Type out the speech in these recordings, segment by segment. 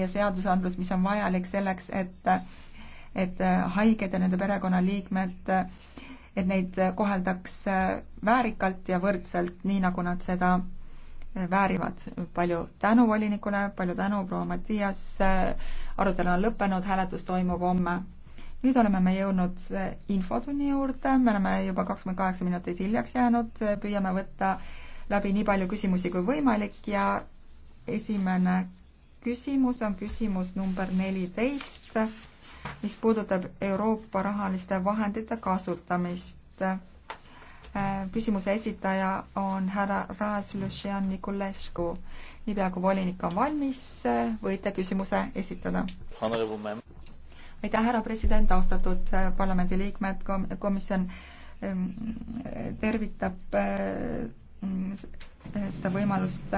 ja seadusandlus, mis on vajalik selleks, et et haiged ja nende perekonnaliikmed, et neid koheldaks väärikalt ja võrdselt, nii nagu nad seda väärivad. palju tänu volinikule, palju tänu, proua Mattias, arutelu on lõppenud, hääletus toimub homme. nüüd oleme me jõudnud infotunni juurde, me oleme juba kakskümmend kaheksa minutit hiljaks jäänud, püüame võtta läbi nii palju küsimusi kui võimalik ja esimene küsimus on küsimus number neliteist, mis puudutab Euroopa rahaliste vahendite kasutamist. Äh, küsimuse esitaja on härra Raas Lucian Niculescu. niipea kui volinik on valmis, äh, võite küsimuse esitada. aitäh, härra president, austatud äh, parlamendiliikmed, komisjon ähm, tervitab seda võimalust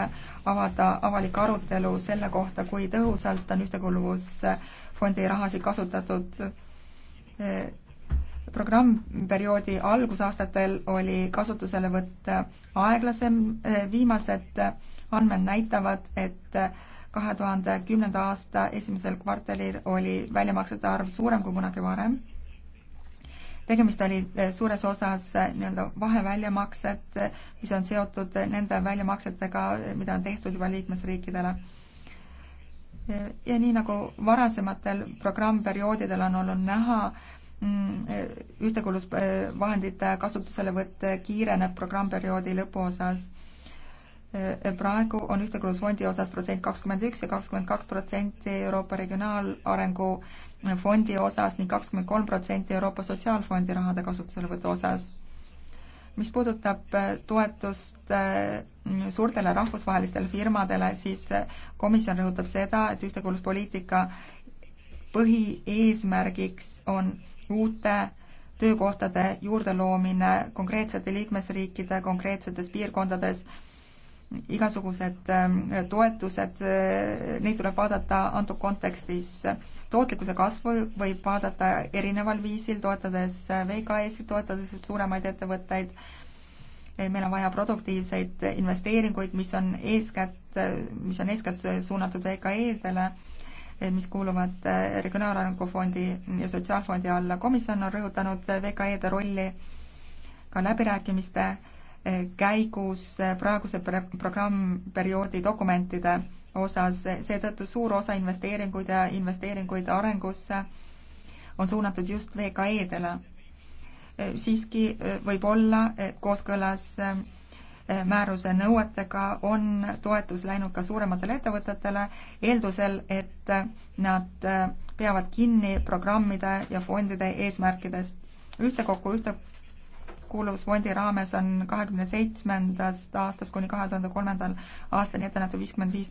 avada avalik arutelu selle kohta, kui tõhusalt on Ühtekuuluvusfondi rahasid kasutatud. programmperioodi algusaastatel oli kasutuselevõtt aeglasem, viimased andmed näitavad, et kahe tuhande kümnenda aasta esimesel kvartalil oli väljamaksete arv suurem kui kunagi varem tegemist oli eh, suures osas eh, nii-öelda vaheväljamaksed, eh, mis on seotud nende väljamaksetega, mida on tehtud juba liikmesriikidele. ja nii nagu varasematel programmperioodidel on olnud näha, mm, ühtekuuluvusvahendite kasutuselevõtt kiireneb programmperioodi lõpuosas Äh, praegu on Ühtekuuluvusfondi osas protsent kakskümmend üks ja kakskümmend kaks protsenti Euroopa Regionaalarengu äh, Fondi osas ning kakskümmend kolm protsenti Euroopa Sotsiaalfondi rahade kasutuselevõtu osas. mis puudutab äh, toetust suurtele rahvusvahelistele firmadele, siis komisjon rõhutab seda, et ühtekuuluvuspoliitika põhieesmärgiks on uute töökohtade juurdeloomine konkreetsete liikmesriikide konkreetsetes piirkondades igasugused ähm, toetused, äh, neid tuleb vaadata antud kontekstis. tootlikkuse kasvu võib vaadata erineval viisil, toetades äh, VKS-i, toetades suuremaid ettevõtteid. Äh, meil on vaja produktiivseid investeeringuid, mis on eeskätt, mis on eeskätt suunatud VKE-dele, mis kuuluvad Regionaalarengu Fondi ja Sotsiaalfondi alla. komisjon on rõhutanud VKE-de rolli ka läbirääkimiste käigus praeguse programmperioodi dokumentide osas, seetõttu suur osa investeeringuid ja investeeringuid arengusse on suunatud just VKE-dele. siiski võib olla kooskõlas eh, määruse nõuetega on toetus läinud ka suurematele ettevõtetele, eeldusel, et nad eh, peavad kinni programmide ja fondide eesmärkidest. ühtekokku ühte ühtekuuluvusfondi raames on kahekümne seitsmendast aastast kuni kahe tuhande kolmandal aastani ette nähtud viiskümmend viis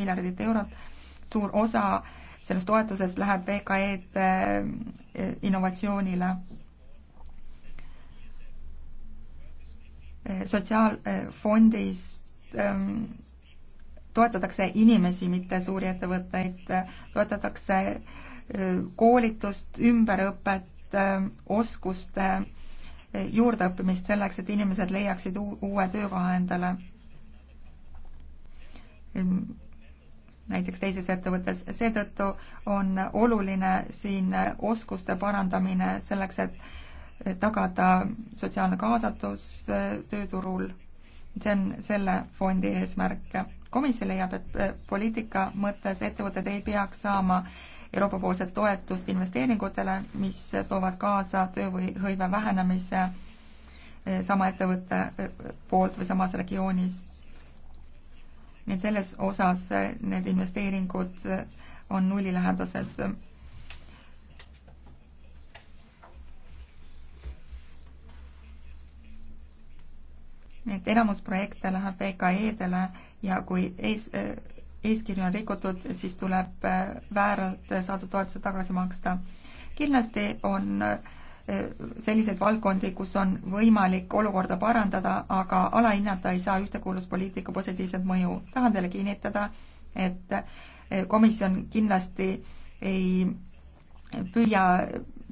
miljardit eurot. suur osa sellest toetusest läheb VKE-de eh, innovatsioonile. Eh, sotsiaalfondist eh, ehm, toetatakse inimesi, mitte suuri ettevõtteid, toetatakse koolitust, ümberõpet, oskuste juurdeõppimist selleks, et inimesed leiaksid uue töökoha endale näiteks teises ettevõttes. seetõttu on oluline siin oskuste parandamine selleks, et tagada sotsiaalne kaasatus äh, tööturul. see on selle fondi eesmärk. komisjon leiab, et äh, poliitika mõttes ettevõtted ei peaks saama äh, Euroopa-poolset toetust investeeringutele, mis toovad kaasa tööhõive vähenemise eh, sama ettevõtte eh, poolt või samas regioonis. nii et selles osas eh, need investeeringud on nullilähedased. nii et enamus projekte läheb VKE-dele ja kui ees äh, eeskirja on rikutud, siis tuleb äh, vääralt saadud toetused tagasi maksta. kindlasti on äh, selliseid valdkondi, kus on võimalik olukorda parandada, aga alahinnata ei saa ühtekuuluvuspoliitika positiivset mõju. tahan teile kinnitada, et äh, komisjon kindlasti ei püüa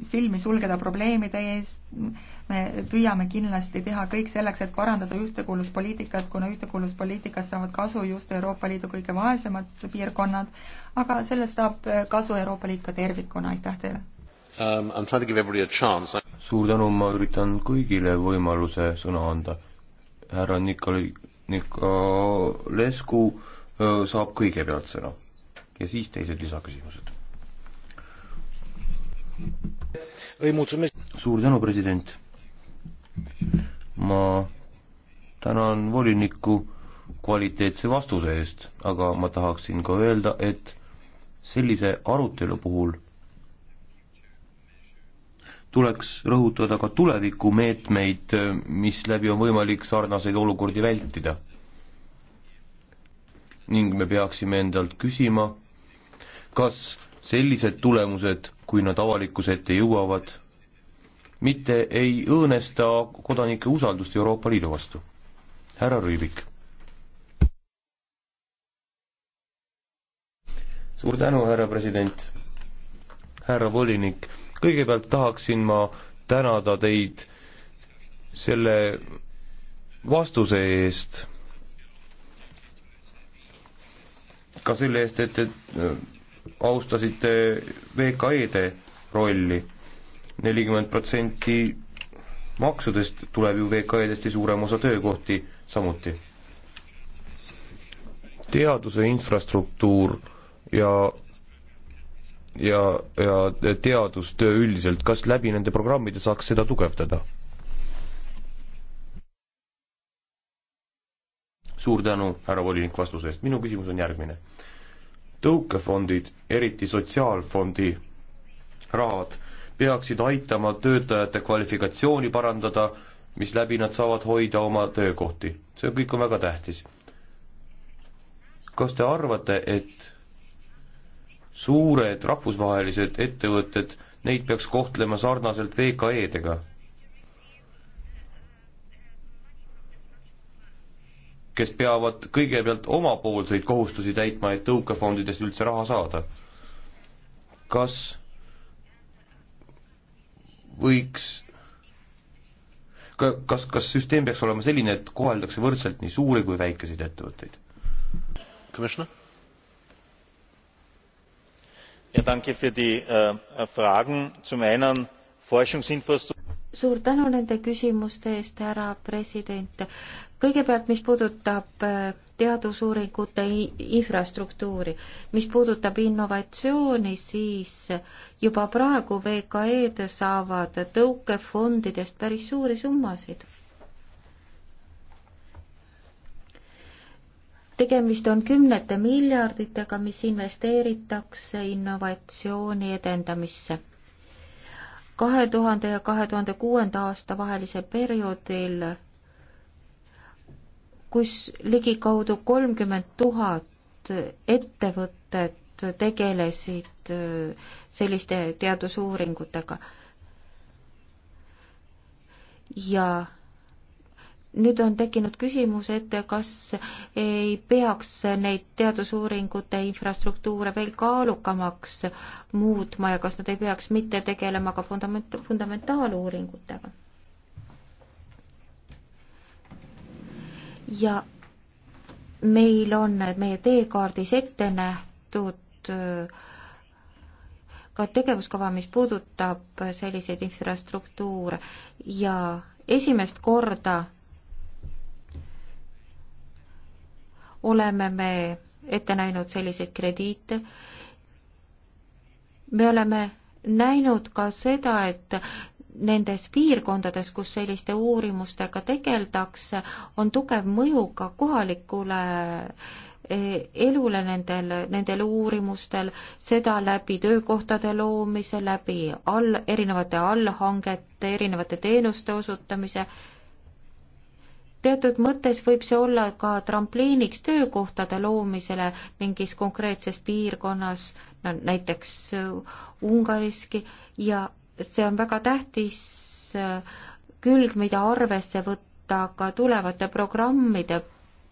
silmi sulgeda probleemide eest, me püüame kindlasti teha kõik selleks, et parandada ühtekuuluvuspoliitikat, kuna ühtekuuluvuspoliitikast saavad kasu just Euroopa Liidu kõige vaesemad piirkonnad, aga sellest saab kasu Euroopa Liit ka tervikuna, aitäh teile um,! suur tänu, ma üritan kõigile võimaluse sõna anda. härra Nikolai, Nikolescu saab kõigepealt sõna ja siis teised lisaküsimused. suur tänu, president ma tänan volinikku kvaliteetse vastuse eest, aga ma tahaksin ka öelda, et sellise arutelu puhul tuleks rõhutada ka tulevikumeetmeid, mis läbi on võimalik sarnaseid olukordi vältida. ning me peaksime endalt küsima, kas sellised tulemused, kui nad avalikkuse ette jõuavad, mitte ei õõnesta kodanike usaldust Euroopa Liidu vastu. härra Rüübik. suur tänu, härra president, härra volinik, kõigepealt tahaksin ma tänada teid selle vastuse eest, ka selle eest, et te äh, austasite VKE-de rolli nelikümmend protsenti maksudest tuleb ju VKE-dest ja suurem osa töökohti samuti. teaduse infrastruktuur ja ja, ja teadustöö üldiselt, kas läbi nende programmide saaks seda tugevdada? suur tänu, härra volinik, vastuse eest, minu küsimus on järgmine. tõukefondid, eriti sotsiaalfondi rahad, peaksid aitama töötajate kvalifikatsiooni parandada, misläbi nad saavad hoida oma töökohti. see kõik on väga tähtis. kas te arvate, et suured rahvusvahelised ettevõtted, neid peaks kohtlema sarnaselt VKE-dega? kes peavad kõigepealt omapoolseid kohustusi täitma, et tõukefondidest üldse raha saada. kas võiks kas, kas süsteem peaks olema selline, et koheldakse võrdselt nii suuri kui väikeseid ettevõtteid? Äh, suur tänu nende küsimuste eest, härra president kõigepealt, mis puudutab äh, teadusuuringute infrastruktuuri, mis puudutab innovatsiooni, siis juba praegu VKE-d saavad tõukefondidest päris suuri summasid tegemist on kümnete miljarditega, mis investeeritakse innovatsiooni edendamisse. kahe tuhande ja kahe tuhande kuuenda aasta vahelisel perioodil kus ligikaudu kolmkümmend tuhat ettevõtet tegelesid äh, selliste teadusuuringutega. ja nüüd on tekkinud küsimus, et kas ei peaks neid teadusuuringute infrastruktuure veel kaalukamaks muutma ja kas nad ei peaks mitte tegelema ka fundament-, fundamentaaluuringutega ja meil on meie teekaardis ette nähtud äh, ka tegevuskava, mis puudutab selliseid infrastruktuure ja esimest korda oleme me ette näinud selliseid krediite. me oleme näinud ka seda, et nendes piirkondades, kus selliste uurimustega tegeldakse, on tugev mõju ka kohalikule e, elule nendel, nendel uurimustel, seda läbi töökohtade loomise, läbi all, erinevate allhangete, erinevate teenuste osutamise. teatud mõttes võib see olla ka trampliiniks töökohtade loomisele mingis konkreetses piirkonnas, no näiteks Ungariski ja see on väga tähtis äh, külg, mida arvesse võtta ka tulevate programmide,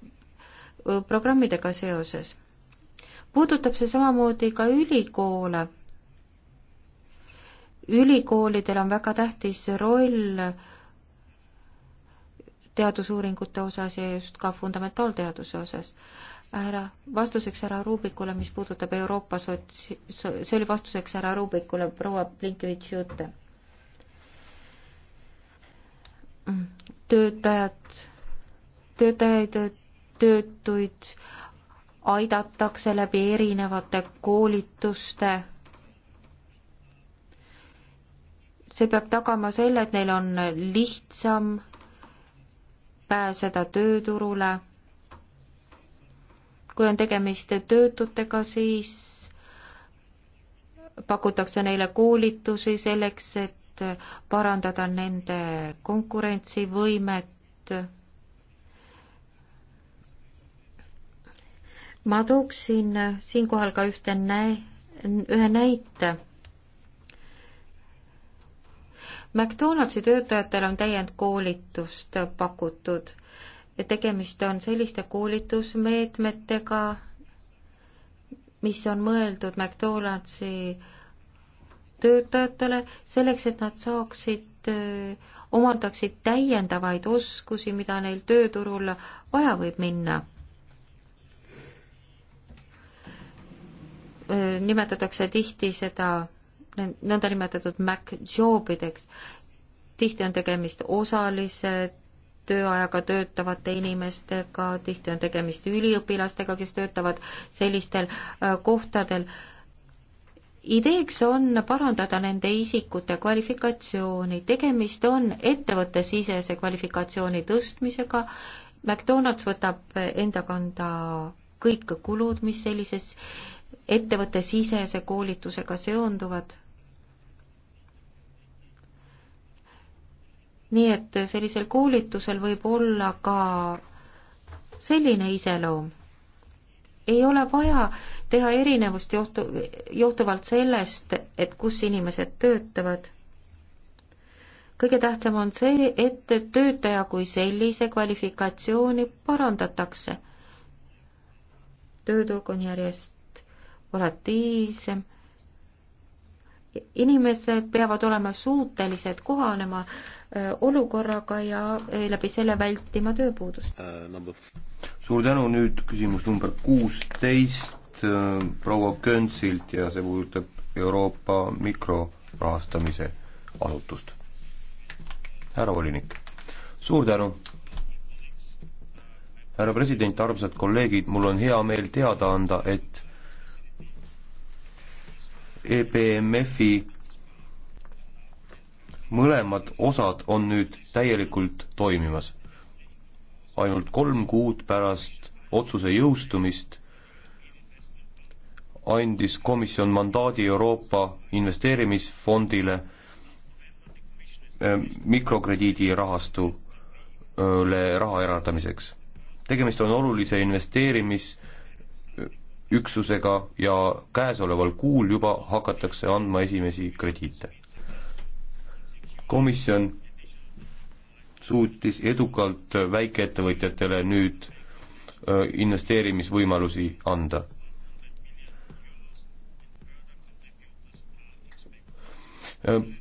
äh, programmidega seoses. puudutab see samamoodi ka ülikoole. ülikoolidel on väga tähtis roll teadusuuringute osas ja just ka fundamentaalteaduse osas härra, vastuseks härra Rubikule, mis puudutab Euroopa sots-, see oli vastuseks härra Rubikule, proua Blinkevitš-Jute. töötajad, töötajaid, töötuid aidatakse läbi erinevate koolituste. see peab tagama selle, et neil on lihtsam pääseda tööturule kui on tegemist töötutega, siis pakutakse neile koolitusi selleks, et parandada nende konkurentsivõimet. ma tooksin siinkohal ka ühte nä-, ühe näite. McDonaldsi töötajatele on täiendkoolitust pakutud tegemist on selliste koolitusmeetmetega, mis on mõeldud McDonaldsi töötajatele selleks, et nad saaksid, äh, omandaksid täiendavaid oskusi, mida neil tööturul vaja võib minna. Äh, nimetatakse tihti seda nõndanimetatud Mac jobideks. tihti on tegemist osalise tööajaga töötavate inimestega, tihti on tegemist üliõpilastega, kes töötavad sellistel äh, kohtadel. ideeks on parandada nende isikute kvalifikatsiooni, tegemist on ettevõttesisese kvalifikatsiooni tõstmisega, McDonalds võtab enda kanda kõik kulud, mis sellises ettevõttesisese koolitusega seonduvad nii et sellisel koolitusel võib olla ka selline iseloom. ei ole vaja teha erinevust johtu-, johtuvalt sellest, et kus inimesed töötavad. kõige tähtsam on see, et töötaja kui sellise kvalifikatsiooni parandatakse. tööturg on järjest volatiivsem inimesed peavad olema suutelised kohanema Äh, olukorraga ja äh, läbi selle vältima tööpuudust. Äh, suur tänu, nüüd küsimus number kuusteist proua Könsilt ja see puudutab Euroopa mikrorahastamise asutust. härra volinik, suur tänu! härra president, armsad kolleegid, mul on hea meel teada anda, et EBMF-i mõlemad osad on nüüd täielikult toimimas. ainult kolm kuud pärast otsuse jõustumist andis komisjon mandaadi Euroopa Investeerimisfondile ähm, mikrokrediidirahastule raha eraldamiseks. tegemist on olulise investeerimisüksusega ja käesoleval kuul juba hakatakse andma esimesi krediite komisjon suutis edukalt väikeettevõtjatele nüüd investeerimisvõimalusi anda.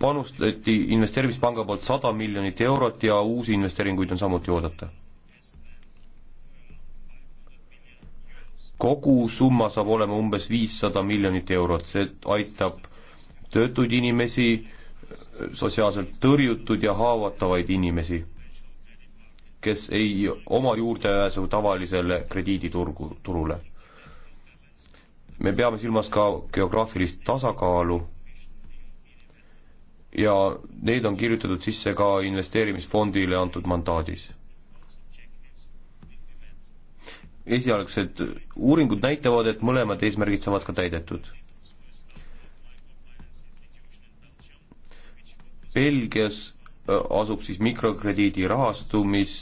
panustati investeerimispanga poolt sada miljonit eurot ja uusi investeeringuid on samuti oodata. kogu summa saab olema umbes viissada miljonit eurot, see aitab töötuid inimesi, sotsiaalselt tõrjutud ja haavatavaid inimesi, kes ei oma juurdepääsu tavalisele krediiditurgu, turule. me peame silmas ka geograafilist tasakaalu ja need on kirjutatud sisse ka investeerimisfondile antud mandaadis esialgsed uuringud näitavad, et mõlemad eesmärgid saavad ka täidetud. Belgias asub siis mikrokrediidi rahastumis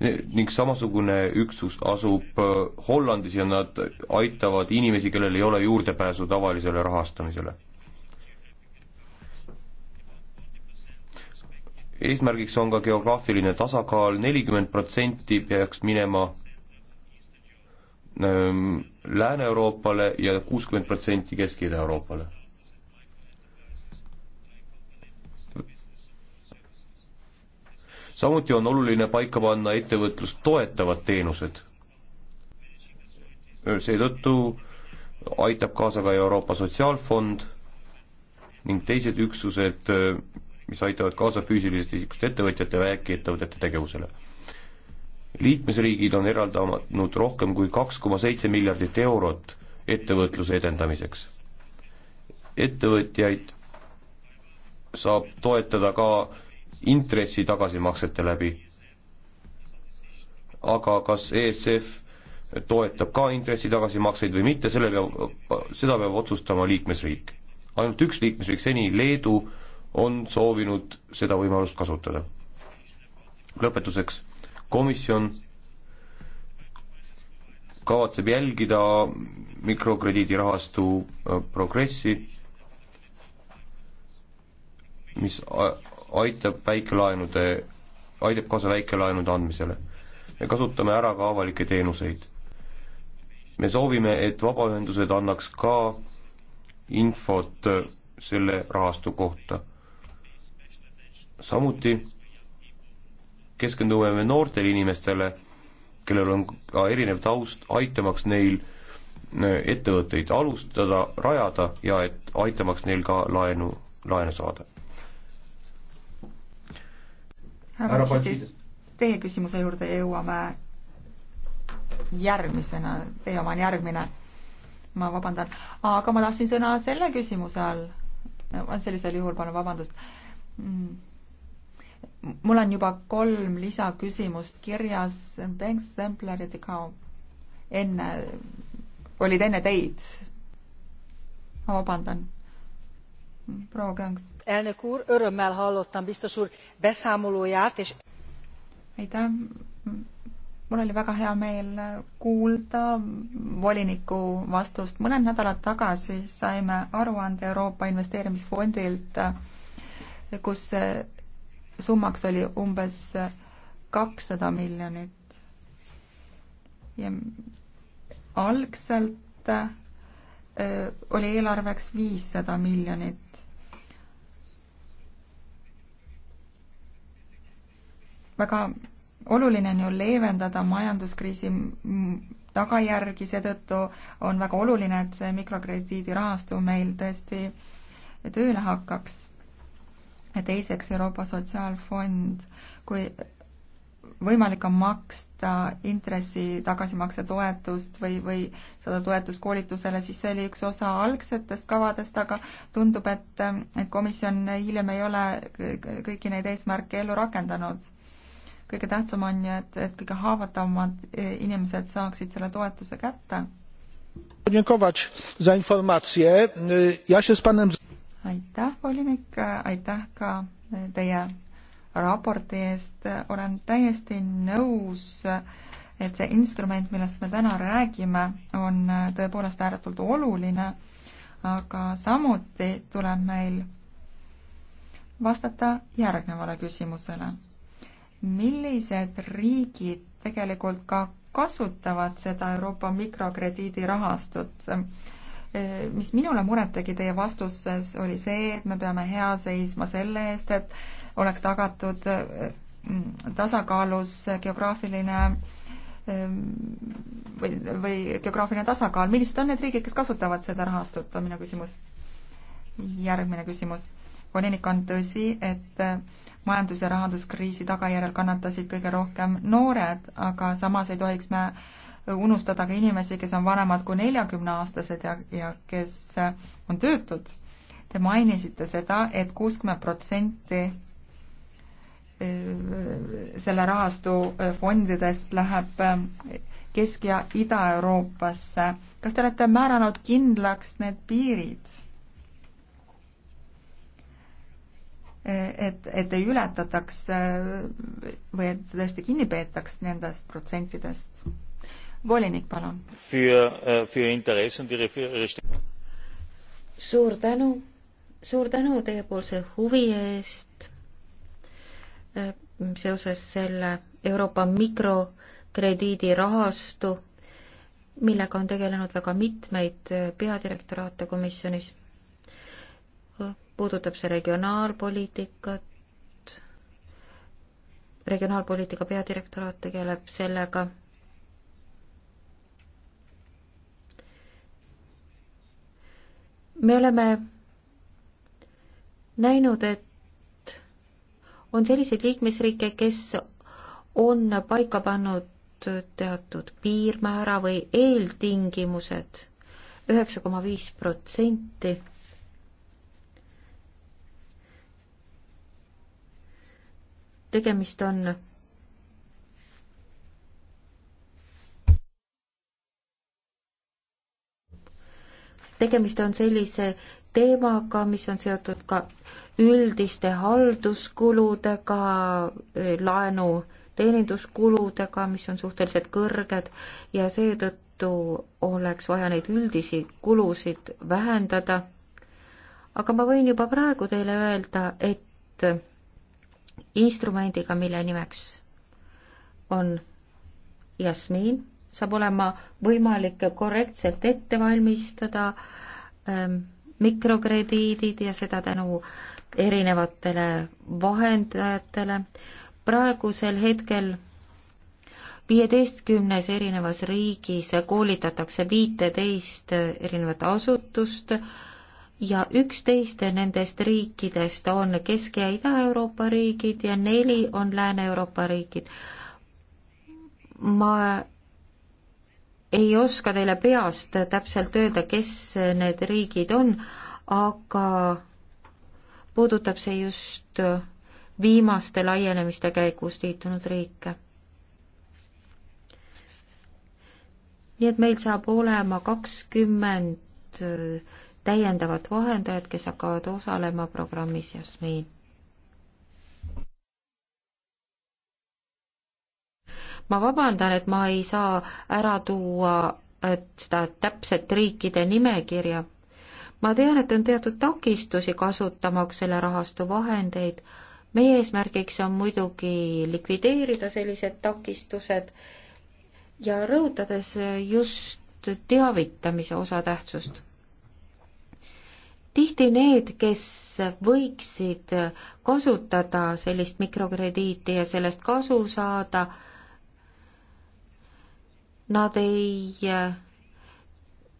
ning samasugune üksus asub Hollandis ja nad aitavad inimesi, kellel ei ole juurdepääsu tavalisele rahastamisele. eesmärgiks on ka geograafiline tasakaal, nelikümmend protsenti peaks minema Lääne-Euroopale ja kuuskümmend protsenti Kesk-Ida-Euroopale. samuti on oluline paika panna ettevõtlust toetavad teenused. seetõttu aitab kaasa ka Euroopa Sotsiaalfond ning teised üksused, mis aitavad kaasa füüsilisest isikust ettevõtjate ja väikeettevõtete tegevusele liikmesriigid on eraldanud rohkem kui kaks koma seitse miljardit eurot ettevõtluse edendamiseks. ettevõtjaid saab toetada ka intressi tagasimaksete läbi. aga kas ESF toetab ka intressi tagasimakseid või mitte, selle peab, seda peab otsustama liikmesriik. ainult üks liikmesriik seni, Leedu, on soovinud seda võimalust kasutada. lõpetuseks komisjon kavatseb jälgida mikrokrediidirahastu äh, progressi, mis aitab väikelaenude, aitab kaasa väikelaenude andmisele. me kasutame ära ka avalikke teenuseid. me soovime, et vabaühendused annaks ka infot äh, selle rahastu kohta. samuti keskendume me noortele inimestele, kellel on ka erinev taust, aitamaks neil äh, ettevõtteid alustada, rajada ja et aitamaks neil ka laenu, laenu saada. härra Patsides, teie küsimuse juurde jõuame järgmisena, teie oma on järgmine, ma vabandan, aga ma tahtsin sõna selle küsimuse all, sellisel juhul palun vabandust mm mul on juba kolm lisaküsimust kirjas, Bengt Sempler ja Tikao enne, olid enne teid. ma vabandan elnök úr örömmel hallottam biztos úr beszámolóját és aitäh mul oli väga hea meel kuulda voliniku vastust mõned nädalad tagasi saime aruande euroopa investeerimisfondilt kus summaks oli umbes kakssada miljonit. ja algselt oli eelarveks viissada miljonit. väga oluline on ju leevendada majanduskriisi tagajärgi, seetõttu on väga oluline, et see mikrokrediidirahastu meil tõesti tööle hakkaks ja teiseks Euroopa Sotsiaalfond, kui võimalik on maksta intressi tagasimakse toetust või, või seda toetust koolitusele, siis see oli üks osa algsetest kavadest, aga tundub, et, et komisjon hiljem ei ole kõiki neid eesmärke ellu rakendanud. kõige tähtsam on ju, et, et kõige haavatavamad inimesed saaksid selle toetuse kätte aitäh, volinik, aitäh ka teie raporti eest, olen täiesti nõus, et see instrument, millest me täna räägime, on tõepoolest ääretult oluline, aga samuti tuleb meil vastata järgnevale küsimusele. millised riigid tegelikult ka kasutavad seda Euroopa mikrokrediidirahastut? mis minule muret tegi teie vastuses, oli see, et me peame hea seisma selle eest, et oleks tagatud äh, mm, tasakaalus geograafiline ähm, või, või geograafiline tasakaal. millised on need riigid, kes kasutavad seda rahastut, on minu küsimus. järgmine küsimus. volinik, on tõsi, et äh, majandus- ja rahanduskriisi tagajärjel kannatasid kõige rohkem noored, aga samas ei tohiks me unustada ka inimesi, kes on vanemad kui neljakümneaastased ja, ja kes äh, on töötud. Te mainisite seda et, et kuuskümmend protsenti äh, selle rahastu äh, fondidest läheb Kesk- ja Ida-Euroopasse. kas te olete määranud kindlaks need piirid? et, et ei ületataks või et tõesti kinni peetaks nendest protsentidest? volinik, palun. Äh, suur tänu, suur tänu teiepoolse huvi eest äh, seoses selle Euroopa mikrokrediidirahastu, millega on tegelenud väga mitmeid äh, peadirektoraate komisjonis. puudutab see regionaalpoliitikat, regionaalpoliitika peadirektoraat tegeleb sellega me oleme näinud, et on selliseid liikmesriike, kes on paika pannud teatud piirmäära või eeltingimused üheksa koma viis protsenti. tegemist on tegemist on sellise teemaga, mis on seotud ka üldiste halduskuludega, laenu teeninduskuludega, mis on suhteliselt kõrged ja seetõttu oleks vaja neid üldisi kulusid vähendada. aga ma võin juba praegu teile öelda, et instrumendiga, mille nimeks on jasmiin saab olema võimalik korrektselt ette valmistada ähm, mikrokrediidid ja seda tänu erinevatele vahendajatele. praegusel hetkel viieteistkümnes erinevas riigis koolitatakse viiteist erinevat asutust ja üksteist nendest riikidest on Kesk- ja Ida-Euroopa riigid ja neli on Lääne-Euroopa riigid. ma ei oska teile peast täpselt öelda, kes need riigid on, aga puudutab see just viimaste laienemiste käigus liitunud riike. nii et meil saab olema kakskümmend täiendavat vahendajat, kes hakkavad osalema programmis Jasmin ma vabandan, et ma ei saa ära tuua seda täpset riikide nimekirja. ma tean, et on teatud takistusi kasutamaks selle rahastu vahendeid. meie eesmärgiks on muidugi likvideerida sellised takistused ja rõhutades just teavitamise osatähtsust. tihti need, kes võiksid kasutada sellist mikrokrediiti ja sellest kasu saada, nad ei eh,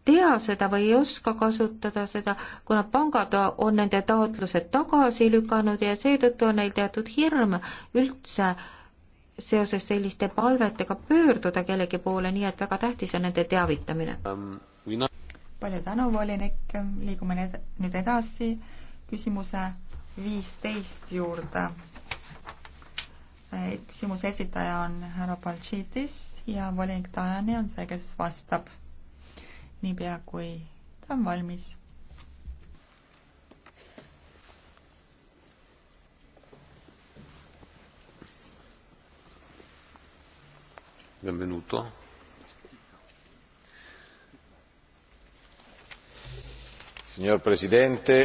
tea seda või ei oska kasutada seda, kuna pangad on nende taotlused tagasi lükanud ja seetõttu on neil teatud hirm üldse seoses selliste palvetega pöörduda kellegi poole, nii et väga tähtis on nende teavitamine um,. palju tänu, volinik, liigume nüüd edasi küsimuse viisteist juurde küsimuse esitaja on härra Baltšiitis ja volinik Tajani on see, kes vastab niipea, kui ta on valmis. Benvenuto. Signor Presidente,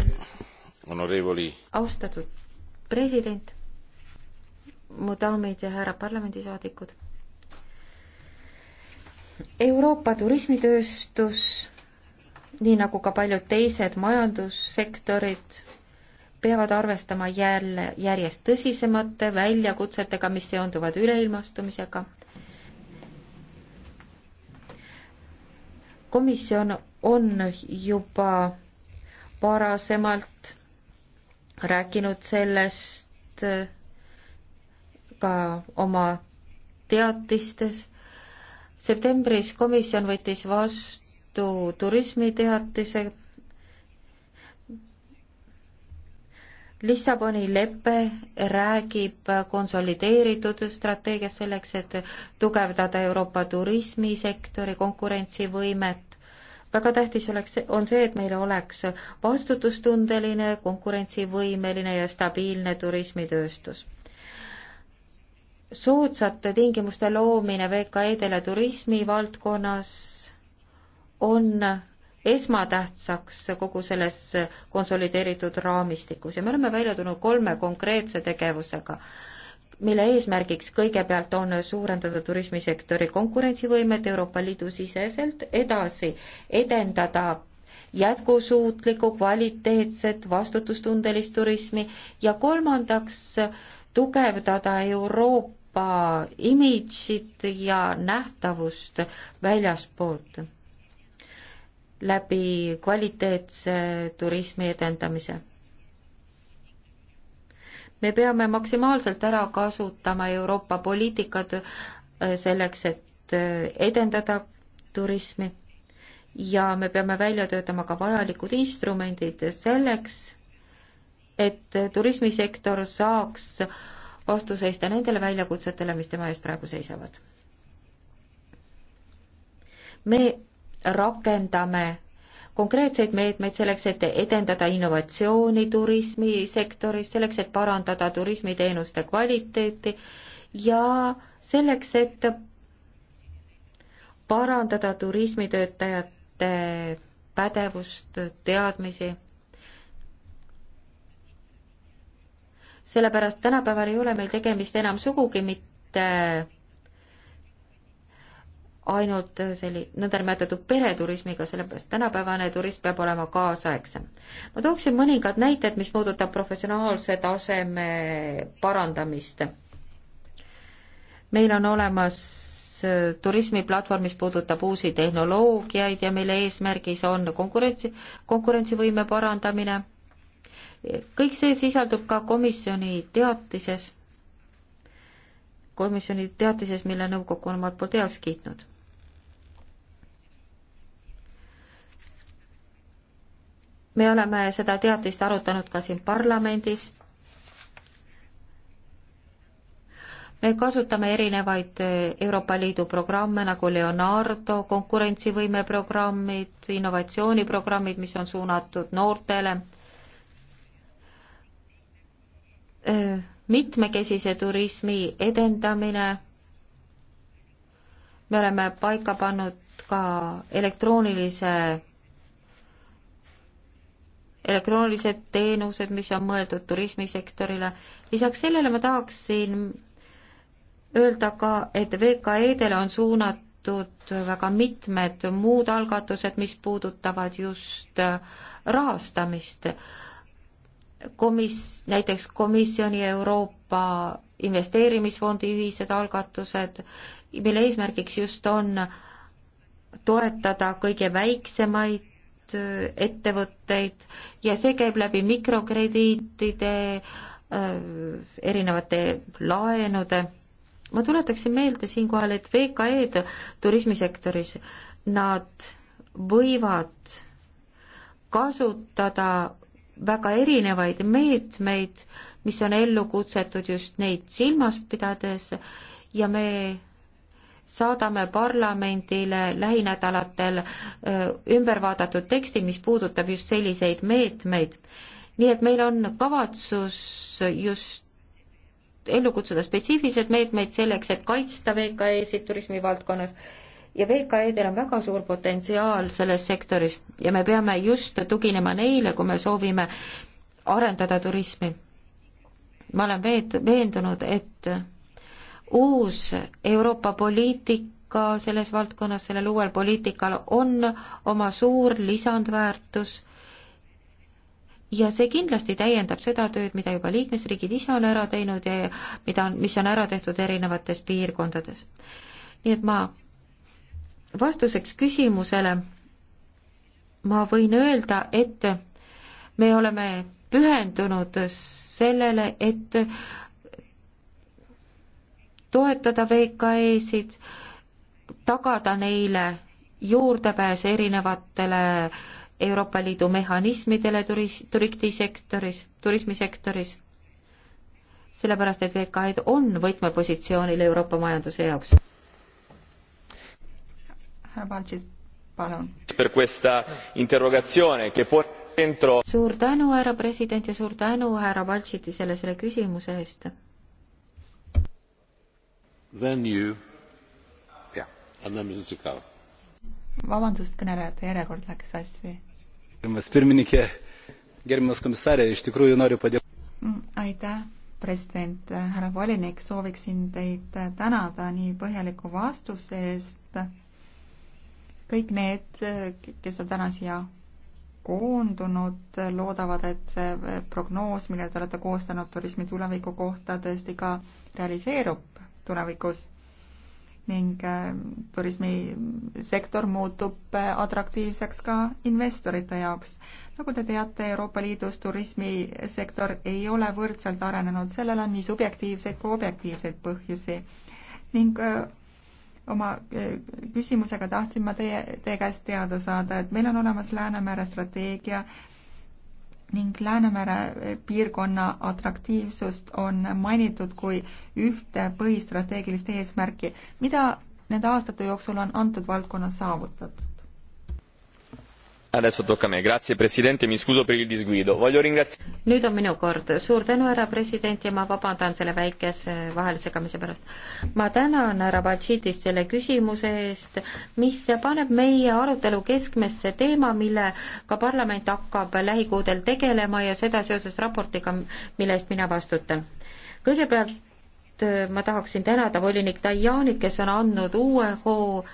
onorevoli. austatud president, mu daamid ja härra parlamendisaadikud. Euroopa turismitööstus, nii nagu ka paljud teised majandussektorid, peavad arvestama jälle järjest tõsisemate väljakutsetega, mis seonduvad üleilmastumisega. komisjon on juba varasemalt rääkinud sellest, ka oma teatistes. septembris komisjon võttis vastu turismiteatise. Lissaboni lepe räägib konsolideeritud strateegiast selleks, et tugevdada Euroopa turismisektori konkurentsivõimet. väga tähtis oleks, on see, et meil oleks vastutustundeline, konkurentsivõimeline ja stabiilne turismitööstus soodsate tingimuste loomine VKE-dele turismi valdkonnas on esmatähtsaks kogu selles konsolideeritud raamistikus ja me oleme välja tulnud kolme konkreetse tegevusega, mille eesmärgiks kõigepealt on suurendada turismisektori konkurentsivõimet Euroopa Liidu siseselt, edasi edendada jätkusuutlikku, kvaliteetset, vastutustundelist turismi ja kolmandaks tugevdada Euroopa Euroopa imidžit ja nähtavust väljaspoolt läbi kvaliteetse turismi edendamise. me peame maksimaalselt ära kasutama Euroopa poliitikad äh, selleks, et äh, edendada turismi ja me peame välja töötama ka vajalikud instrumendid selleks, et turismisektor saaks äh, vastu seista nendele väljakutsetele, mis tema ees praegu seisavad. me rakendame konkreetseid meetmeid selleks, et edendada innovatsiooni turismisektoris, selleks, et parandada turismiteenuste kvaliteeti ja selleks, et parandada turismitöötajate pädevust, teadmisi sellepärast tänapäeval ei ole meil tegemist enam sugugi mitte ainult selli-, nõndanimetatud pereturismiga, sellepärast tänapäevane turism peab olema kaasaegsem. ma tooksin mõningad näited, mis puudutab professionaalse taseme parandamist. meil on olemas äh, turismiplatvorm, mis puudutab uusi tehnoloogiaid ja mille eesmärgis on konkurentsi, konkurentsivõime parandamine kõik see sisaldub ka komisjoni teatises, komisjoni teatises, mille nõukogu on omalt poolt heaks kiitnud. me oleme seda teatist arutanud ka siin parlamendis. me kasutame erinevaid Euroopa Liidu programme nagu Leonardo konkurentsivõime programmid, innovatsiooniprogrammid, mis on suunatud noortele mitmekesise turismi edendamine, me oleme paika pannud ka elektroonilise, elektroonilised teenused, mis on mõeldud turismisektorile. lisaks sellele ma tahaksin öelda ka, et VKE-dele on suunatud väga mitmed muud algatused, mis puudutavad just rahastamist komis-, näiteks komisjoni Euroopa investeerimisfondi ühised algatused, mille eesmärgiks just on toetada kõige väiksemaid äh, ettevõtteid ja see käib läbi mikrokrediitide, äh, erinevate laenude. ma tuletaksin meelde siinkohal, et VKE-d turismisektoris, nad võivad kasutada väga erinevaid meetmeid, mis on ellu kutsetud just neid silmas pidades ja me saadame parlamendile lähinädalatel ümber vaadatud teksti, mis puudutab just selliseid meetmeid. nii et meil on kavatsus just ellu kutsuda spetsiifilised meetmeid selleks, et kaitsta VKE-sid turismivaldkonnas ja VKE-del on väga suur potentsiaal selles sektoris ja me peame just tuginema neile, kui me soovime arendada turismi. ma olen veed-, veendunud, et uus Euroopa poliitika selles valdkonnas, sellel uuel poliitikal on oma suur lisandväärtus ja see kindlasti täiendab seda tööd, mida juba liikmesriigid ise on ära teinud ja mida on, mis on ära tehtud erinevates piirkondades. nii et ma vastuseks küsimusele ma võin öelda, et me oleme pühendunud sellele, et toetada VKE-sid, tagada neile juurdepääs erinevatele Euroopa Liidu mehhanismidele turis-, turistisektoris, turismisektoris, sellepärast et VKE-d on võtmepositsioonil Euroopa majanduse jaoks härra Paltsis, palun. suur tänu, härra president ja suur tänu, härra Paltsitsile selle küsimuse eest. Then you yeah., and then Mrs Sikau. vabandust, kõnelejate järjekord läks sassi. Gerbiamas pirminike, gerbiamas komissare, iš tikrųjų noriu padėkoti mm, aitäh, president, härra volinik, sooviksin teid tänada nii põhjaliku vastuse eest kõik need, kes on täna siia koondunud, loodavad, et see prognoos, mille te olete koostanud turismi tuleviku kohta, tõesti ka realiseerub tulevikus ning äh, turismisektor muutub äh, atraktiivseks ka investorite jaoks. nagu te teate, Euroopa Liidus turismisektor ei ole võrdselt arenenud, sellel on nii subjektiivseid kui objektiivseid põhjusi ning äh, oma eh, küsimusega tahtsin ma teie, teie käest teada saada, et meil on olemas Läänemere strateegia ning Läänemere eh, piirkonna atraktiivsust on mainitud kui ühte põhistrateegilist eesmärki. mida nende aastate jooksul on antud valdkonnas saavutatud? Adesso tocca a me. Grazie Presidente, mi scuso per il disguido. Voglio ringrazi-... nüüd on minu kord. suur tänu, härra president, ja ma vabandan selle väikese vahelsegamise pärast. ma tänan härra Batšitist selle küsimuse eest, mis paneb meie arutelu keskmesse teema, millega parlament hakkab lähikuudel tegelema ja seda seoses raportiga, mille eest mina vastutan. kõigepealt äh, ma tahaksin tänada volinik Dajanit, kes on andnud uue UH hoo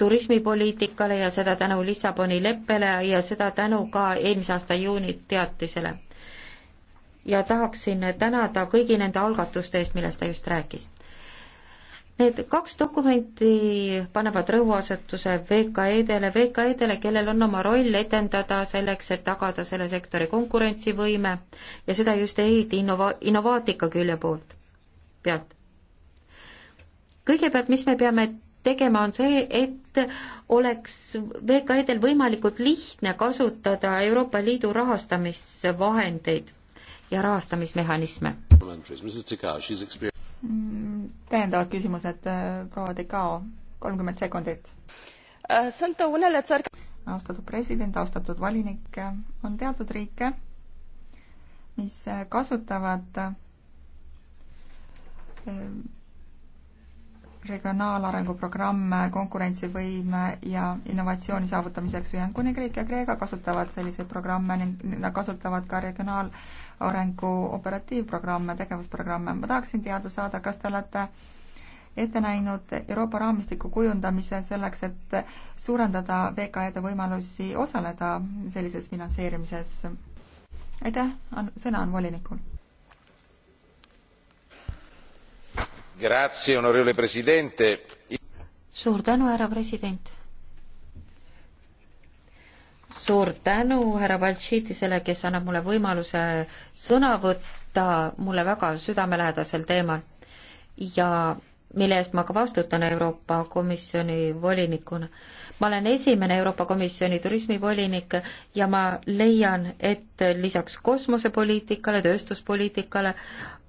turismipoliitikale ja seda tänu Lissaboni leppele ja seda tänu ka eelmise aasta juuni teatisele. ja tahaksin tänada kõigi nende algatuste eest, millest ta just rääkis. Need kaks dokumenti panevad rõhuasetuse VKE-dele, VKE-dele, kellel on oma roll etendada selleks, et tagada selle sektori konkurentsivõime ja seda just EIT innova-, innovaatika külje poolt, pealt. kõigepealt, mis me peame tegema, on see, et oleks VKE-del võimalikult lihtne kasutada Euroopa Liidu rahastamisvahendeid ja rahastamismehhanisme. täiendavad küsimused, äh, proua Dekao, kolmkümmend sekundit. Äh, austatud president, austatud volinik, äh, on teatud riike, mis kasutavad regionaalarengu programm konkurentsivõime ja innovatsiooni saavutamiseks Ühendkuningriik ja Kreeka kasutavad selliseid programme ning nad kasutavad ka regionaalarengu operatiivprogramme, tegevusprogramme. ma tahaksin teada saada, kas te olete ette näinud Euroopa raamistiku kujundamise selleks, et suurendada VKE-de võimalusi osaleda sellises finantseerimises. aitäh, sõna on volinikul suur tänu, härra president! suur tänu härra Baltšiitisele, kes annab mulle võimaluse sõna võtta mulle väga südamelähedasel teemal ja mille eest ma ka vastutan Euroopa Komisjoni volinikuna. ma olen esimene Euroopa Komisjoni turismivolinik ja ma leian, et lisaks kosmosepoliitikale, tööstuspoliitikale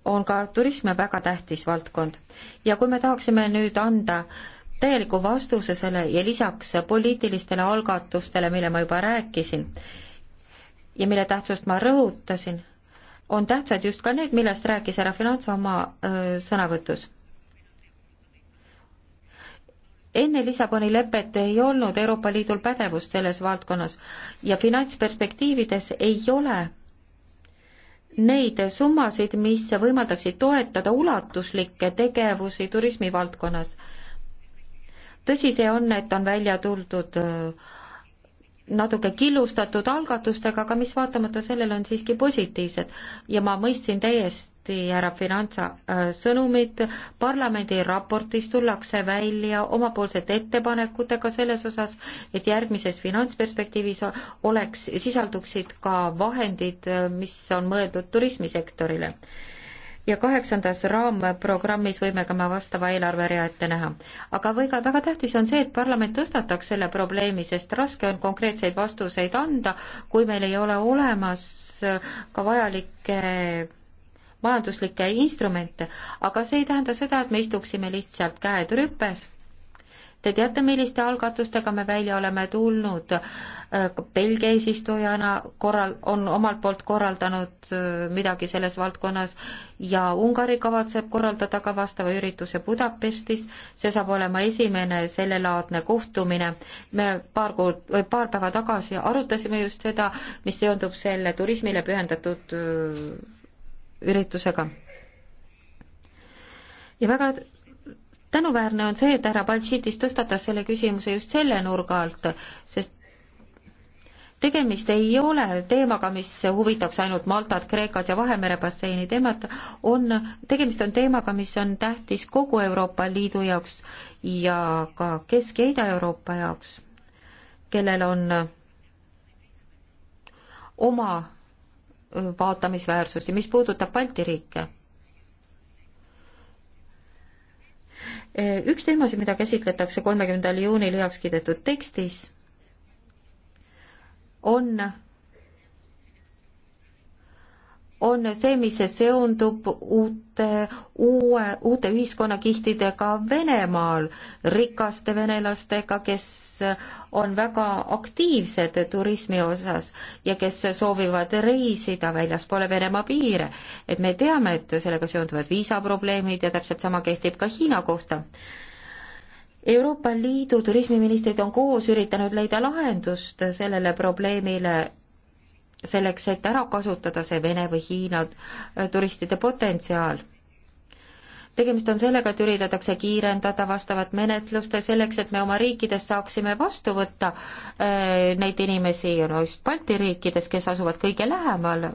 on ka turism väga tähtis valdkond. ja kui me tahaksime nüüd anda täieliku vastuse selle ja lisaks poliitilistele algatustele, mille ma juba rääkisin ja mille tähtsust ma rõhutasin, on tähtsad just ka need, millest rääkis härra Finants oma öö, sõnavõtus. enne Lissaboni lepet ei olnud Euroopa Liidul pädevust selles valdkonnas ja finantsperspektiivides ei ole neid summasid, mis võimaldaksid toetada ulatuslikke tegevusi turismivaldkonnas. tõsi see on, et on välja tuldud äh, natuke killustatud algatustega, aga mis vaatamata sellele on siiski positiivsed ja ma mõistsin täiesti samuti härra Finantsa äh, sõnumid. parlamendi raportis tullakse välja omapoolsete ettepanekutega selles osas, et järgmises finantsperspektiivis oleks, sisalduksid ka vahendid, äh, mis on mõeldud turismisektorile ja kaheksandas raamprogrammis võime ka me vastava eelarverea ette näha. aga või ka väga tähtis on see, et parlament tõstataks selle probleemi, sest raske on konkreetseid vastuseid anda, kui meil ei ole olemas äh, ka vajalikke majanduslikke instrumente, aga see ei tähenda seda, et me istuksime lihtsalt käed rüpes. Te teate, milliste algatustega me välja oleme tulnud. Äh, Belgia eesistujana korral, on omalt poolt korraldanud äh, midagi selles valdkonnas ja Ungari kavatseb korraldada ka vastava ürituse Budapestis. see saab olema esimene sellelaadne kohtumine. me paar kuud, paar päeva tagasi arutasime just seda, mis seondub selle turismile pühendatud äh, üritusega. ja väga tänuväärne on see, et härra Baltšiitis tõstatas selle küsimuse just selle nurga alt, sest tegemist ei ole teemaga, mis huvitaks ainult Maltat, Kreekat ja Vahemere basseini, teemad on, tegemist on teemaga, mis on tähtis kogu Euroopa Liidu jaoks ja ka Kesk- ja Ida-Euroopa jaoks, kellel on oma vaatamisväärsust ja mis puudutab Balti riike üks teemasid, mida käsitletakse kolmekümnendal juunil heaks kiidetud tekstis, on on see, mis seondub uute, uue, uute ühiskonnakihtidega Venemaal, rikaste venelastega, kes on väga aktiivsed turismi osas ja kes soovivad reisida väljaspoole Venemaa piire. et me teame, et sellega seonduvad viisaprobleemid ja täpselt sama kehtib ka Hiina kohta. Euroopa Liidu turismiministrid on koos üritanud leida lahendust sellele probleemile selleks, et ära kasutada see Vene või Hiina äh, turistide potentsiaal. tegemist on sellega, et üritatakse kiirendada vastavat menetlust ja selleks, et me oma riikides saaksime vastu võtta äh, neid inimesi, no just Balti riikides, kes asuvad kõige lähemal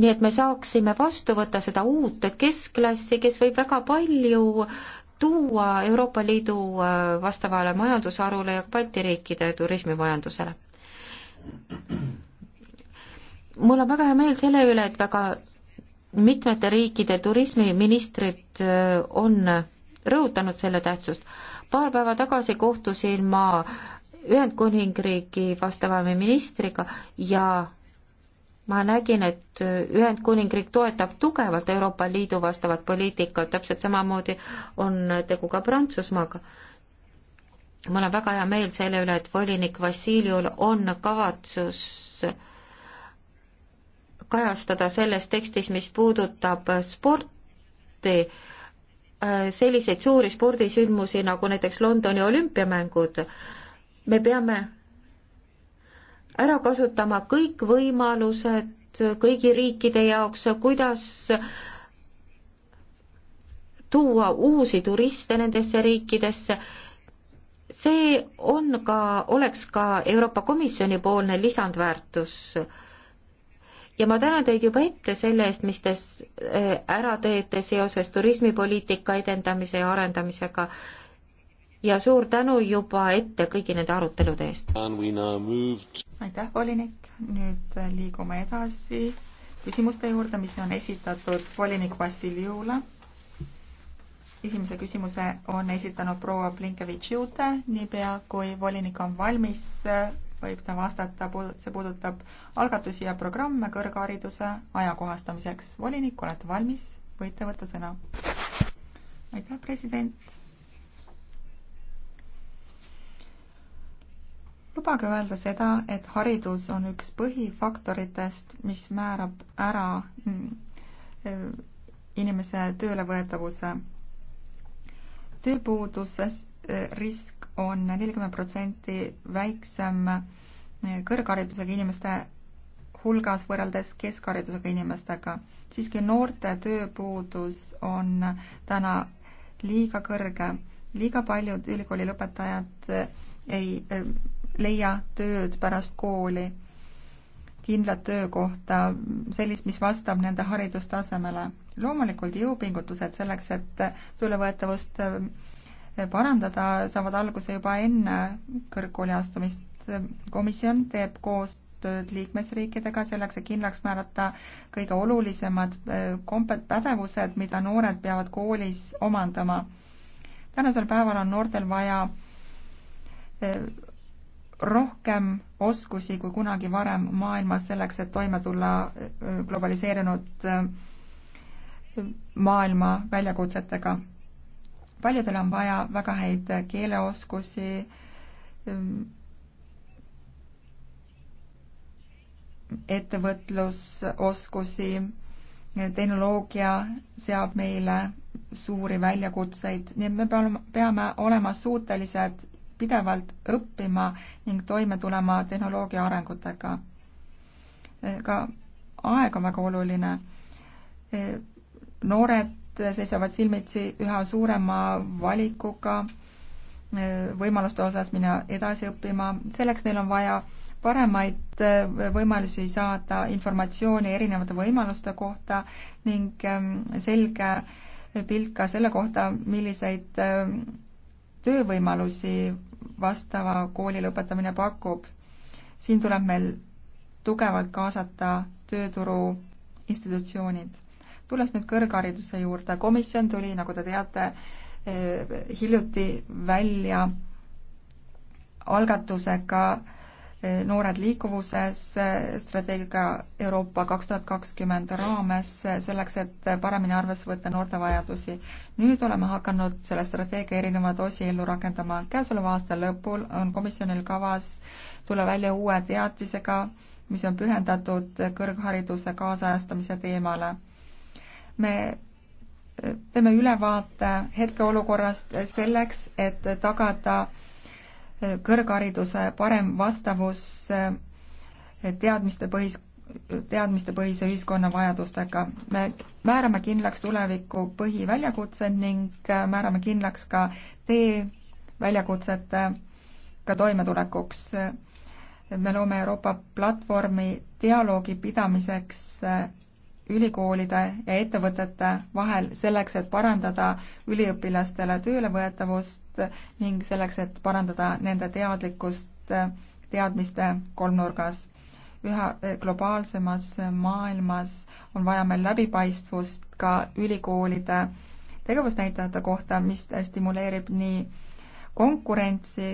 nii et me saaksime vastu võtta seda uut keskklassi, kes võib väga palju tuua Euroopa Liidu äh, vastavale majandusharule ja Balti riikide turismimajandusele mul on väga hea meel selle üle, et väga mitmete riikide turismiministrid äh, on rõhutanud selle tähtsust. paar päeva tagasi kohtusin ma Ühendkuningriigi vastava ministriga ja ma nägin, et äh, Ühendkuningriik toetab tugevalt Euroopa Liidu vastavat poliitikat, täpselt samamoodi on tegu ka Prantsusmaaga mul on väga hea meel selle üle, et volinik Vassiljul on kavatsus kajastada selles tekstis, mis puudutab sporti, äh, selliseid suuri spordisündmusi nagu näiteks Londoni olümpiamängud, me peame ära kasutama kõik võimalused kõigi riikide jaoks, kuidas tuua uusi turiste nendesse riikidesse see on ka, oleks ka Euroopa Komisjoni poolne lisandväärtus. ja ma tänan teid juba ette selle eest, mis te äh, ära teete seoses turismipoliitika edendamise ja arendamisega ja suur tänu juba ette kõigi nende arutelude eest. aitäh, volinik, nüüd liigume edasi küsimuste juurde, mis on esitatud volinik Vassiljule esimese küsimuse on esitanud proua Blinkevitš-Jute, niipea kui volinik on valmis, võib ta vastata, see puudutab algatusi ja programme kõrghariduse ajakohastamiseks. volinik, olete valmis, võite võtta sõna. aitäh, president. lubage öelda seda, et haridus on üks põhifaktoritest, mis määrab ära mm, inimese töölevõetavuse tööpuuduses eh, risk on nelikümmend protsenti väiksem eh, kõrgharidusega inimeste hulgas võrreldes keskharidusega inimestega. siiski noorte tööpuudus on täna liiga kõrge. liiga paljud ülikooli lõpetajad eh, ei leia tööd pärast kooli, kindlat töökohta, sellist, mis vastab nende haridustasemele loomulikult jõupingutused selleks, et töölevõetavust äh, parandada, saavad alguse juba enne kõrgkooli astumist. komisjon teeb koostööd liikmesriikidega selleks, et kindlaks määrata kõige olulisemad äh, kompet-, pädevused, mida noored peavad koolis omandama. tänasel päeval on noortel vaja äh, rohkem oskusi kui kunagi varem maailmas selleks, et toime tulla globaliseerunud maailma väljakutsetega. paljudel on vaja väga häid keeleoskusi, ettevõtlusoskusi, tehnoloogia seab meile suuri väljakutseid, nii et me peame olema suutelised pidevalt õppima ning toime tulema tehnoloogia arengutega. ka aeg on väga oluline noored seisavad silmitsi üha suurema valikuga eh, võimaluste osas minna edasi õppima, selleks neil on vaja paremaid eh, võimalusi saada informatsiooni erinevate võimaluste kohta ning ehm, selge pilt ka selle kohta, milliseid ehm, töövõimalusi vastava kooli lõpetamine pakub. siin tuleb meil tugevalt kaasata tööturu institutsioonid tulles nüüd kõrghariduse juurde, komisjon tuli, nagu te teate, eh, hiljuti välja algatusega eh, Noored liikuvuses eh, strateegia Euroopa kaks tuhat kakskümmend raames selleks, et paremini arvesse võtta noorte vajadusi. nüüd oleme hakanud selle strateegia erinevaid osi ellu rakendama. käesoleva aasta lõpul on komisjonil kavas tulla välja uue teatisega, mis on pühendatud kõrghariduse kaasajastamise teemale me eh, teeme ülevaate hetkeolukorrast selleks, et tagada eh, kõrghariduse parem vastavus eh, teadmistepõhis, teadmistepõhise ühiskonna vajadustega. me määrame kindlaks tuleviku põhiväljakutsed ning määrame kindlaks ka tee väljakutsetega toimetulekuks. me loome Euroopa platvormi dialoogi pidamiseks ülikoolide ja ettevõtete vahel selleks, et parandada üliõpilastele töölevõetavust ning selleks, et parandada nende teadlikkust teadmiste kolmnurgas. üha globaalsemas maailmas on vaja meil läbipaistvust ka ülikoolide tegevusnäitajate kohta, mis stimuleerib nii konkurentsi,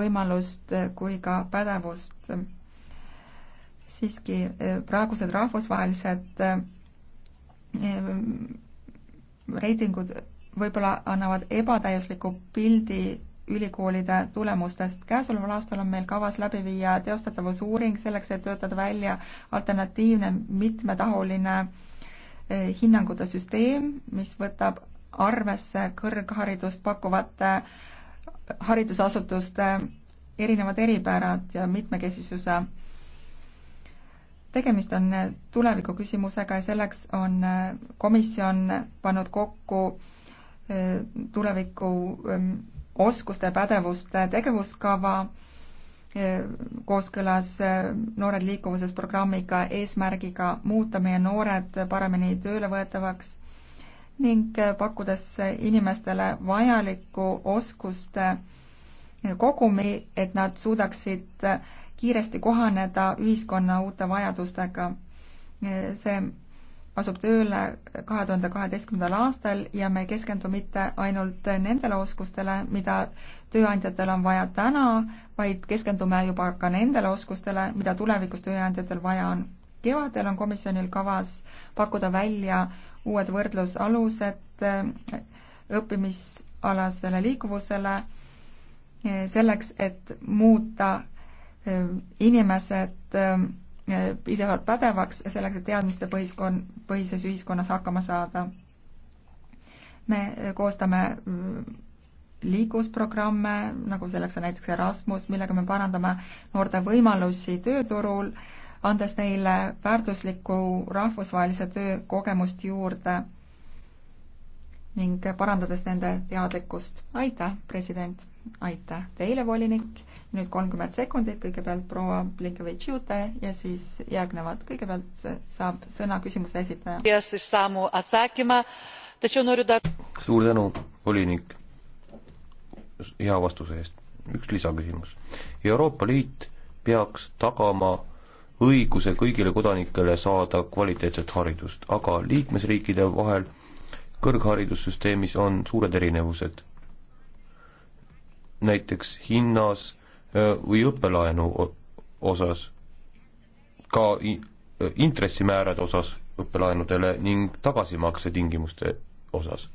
võimalust kui ka pädevust siiski e, praegused rahvusvahelised e, e, reitingud võib-olla annavad ebatäiusliku pildi ülikoolide tulemustest. käesoleval aastal on meil kavas läbi viia teostatavusuuring selleks, et töötada välja alternatiivne mitmetahuline hinnangute süsteem, mis võtab arvesse kõrgharidust pakkuvate haridusasutuste erinevad eripärad ja mitmekesisuse tegemist on äh, tuleviku küsimusega ja selleks on äh, komisjon pannud kokku äh, tuleviku ähm, oskuste ja pädevuste tegevuskava kooskõlas Noored liikuvuses programmiga eesmärgiga muuta meie noored paremini tööle võetavaks ning pakkudes inimestele vajalikku oskuste kogumi, et nad suudaksid kiiresti kohaneda ühiskonna uute vajadustega. see asub tööle kahe tuhande kaheteistkümnendal aastal ja me ei keskendu mitte ainult nendele oskustele, mida tööandjatel on vaja täna, vaid keskendume juba ka nendele oskustele, mida tulevikus tööandjatel vaja on. kevadel on komisjonil kavas pakkuda välja uued võrdlusalused eh, õppimisalasele liikuvusele eh, selleks, et muuta Ehm, inimesed ehm, pidevalt pädevaks selleks, et teadmistepõhiskon-, põhises ühiskonnas hakkama saada. me eh, koostame mm, liiklusprogramme, nagu selleks on näiteks Erasmus, millega me parandame noorte võimalusi tööturul, andes neile väärtuslikku rahvusvahelise töö kogemust juurde ning parandades nende teadlikkust. aitäh, president! aitäh teile, volinik! nüüd kolmkümmend sekundit, kõigepealt proua Blinkevitš-Jute ja siis järgnevad, kõigepealt saab sõna küsimuse esitaja. suur tänu, volinik, hea vastuse eest. üks lisaküsimus. Euroopa Liit peaks tagama õiguse kõigile kodanikele saada kvaliteetset haridust, aga liikmesriikide vahel kõrgharidussüsteemis on suured erinevused. näiteks hinnas Äh, või õppelaenu osas, ka äh, intressimäärade osas õppelaenudele ning tagasimakse tingimuste osas.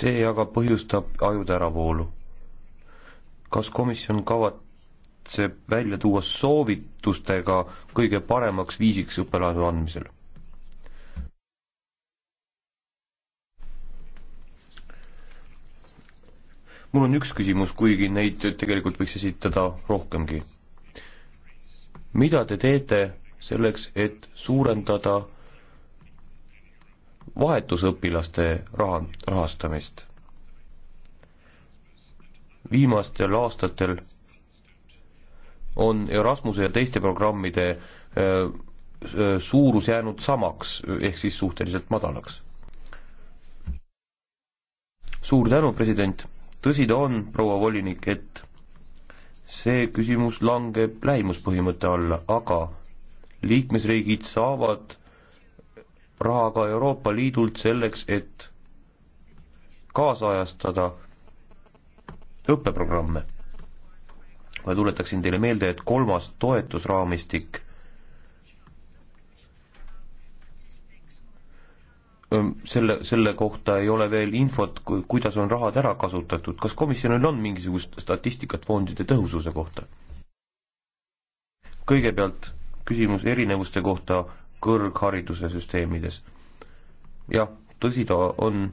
see aga põhjustab ajude äravoolu. kas komisjon kavatseb välja tuua soovitustega kõige paremaks viisiks õppelaenu andmisel? mul on üks küsimus, kuigi neid tegelikult võiks esitada rohkemgi. mida te teete selleks, et suurendada vahetusõpilaste raha, rahastamist? viimastel aastatel on Erasmuse ja teiste programmide öö, äh, äh, suurus jäänud samaks, ehk siis suhteliselt madalaks. suur tänu, president! tõsi ta on, proua volinik, et see küsimus langeb lähimuspõhimõtte alla, aga liikmesriigid saavad raha ka Euroopa Liidult selleks, et kaasajastada õppeprogramme. ma tuletaksin teile meelde, et kolmas toetusraamistik selle, selle kohta ei ole veel infot, kui, kuidas on rahad ära kasutatud, kas komisjonil on mingisugust statistikat fondide tõhususe kohta? kõigepealt küsimus erinevuste kohta kõrghariduse süsteemides. jah, tõsi ta on,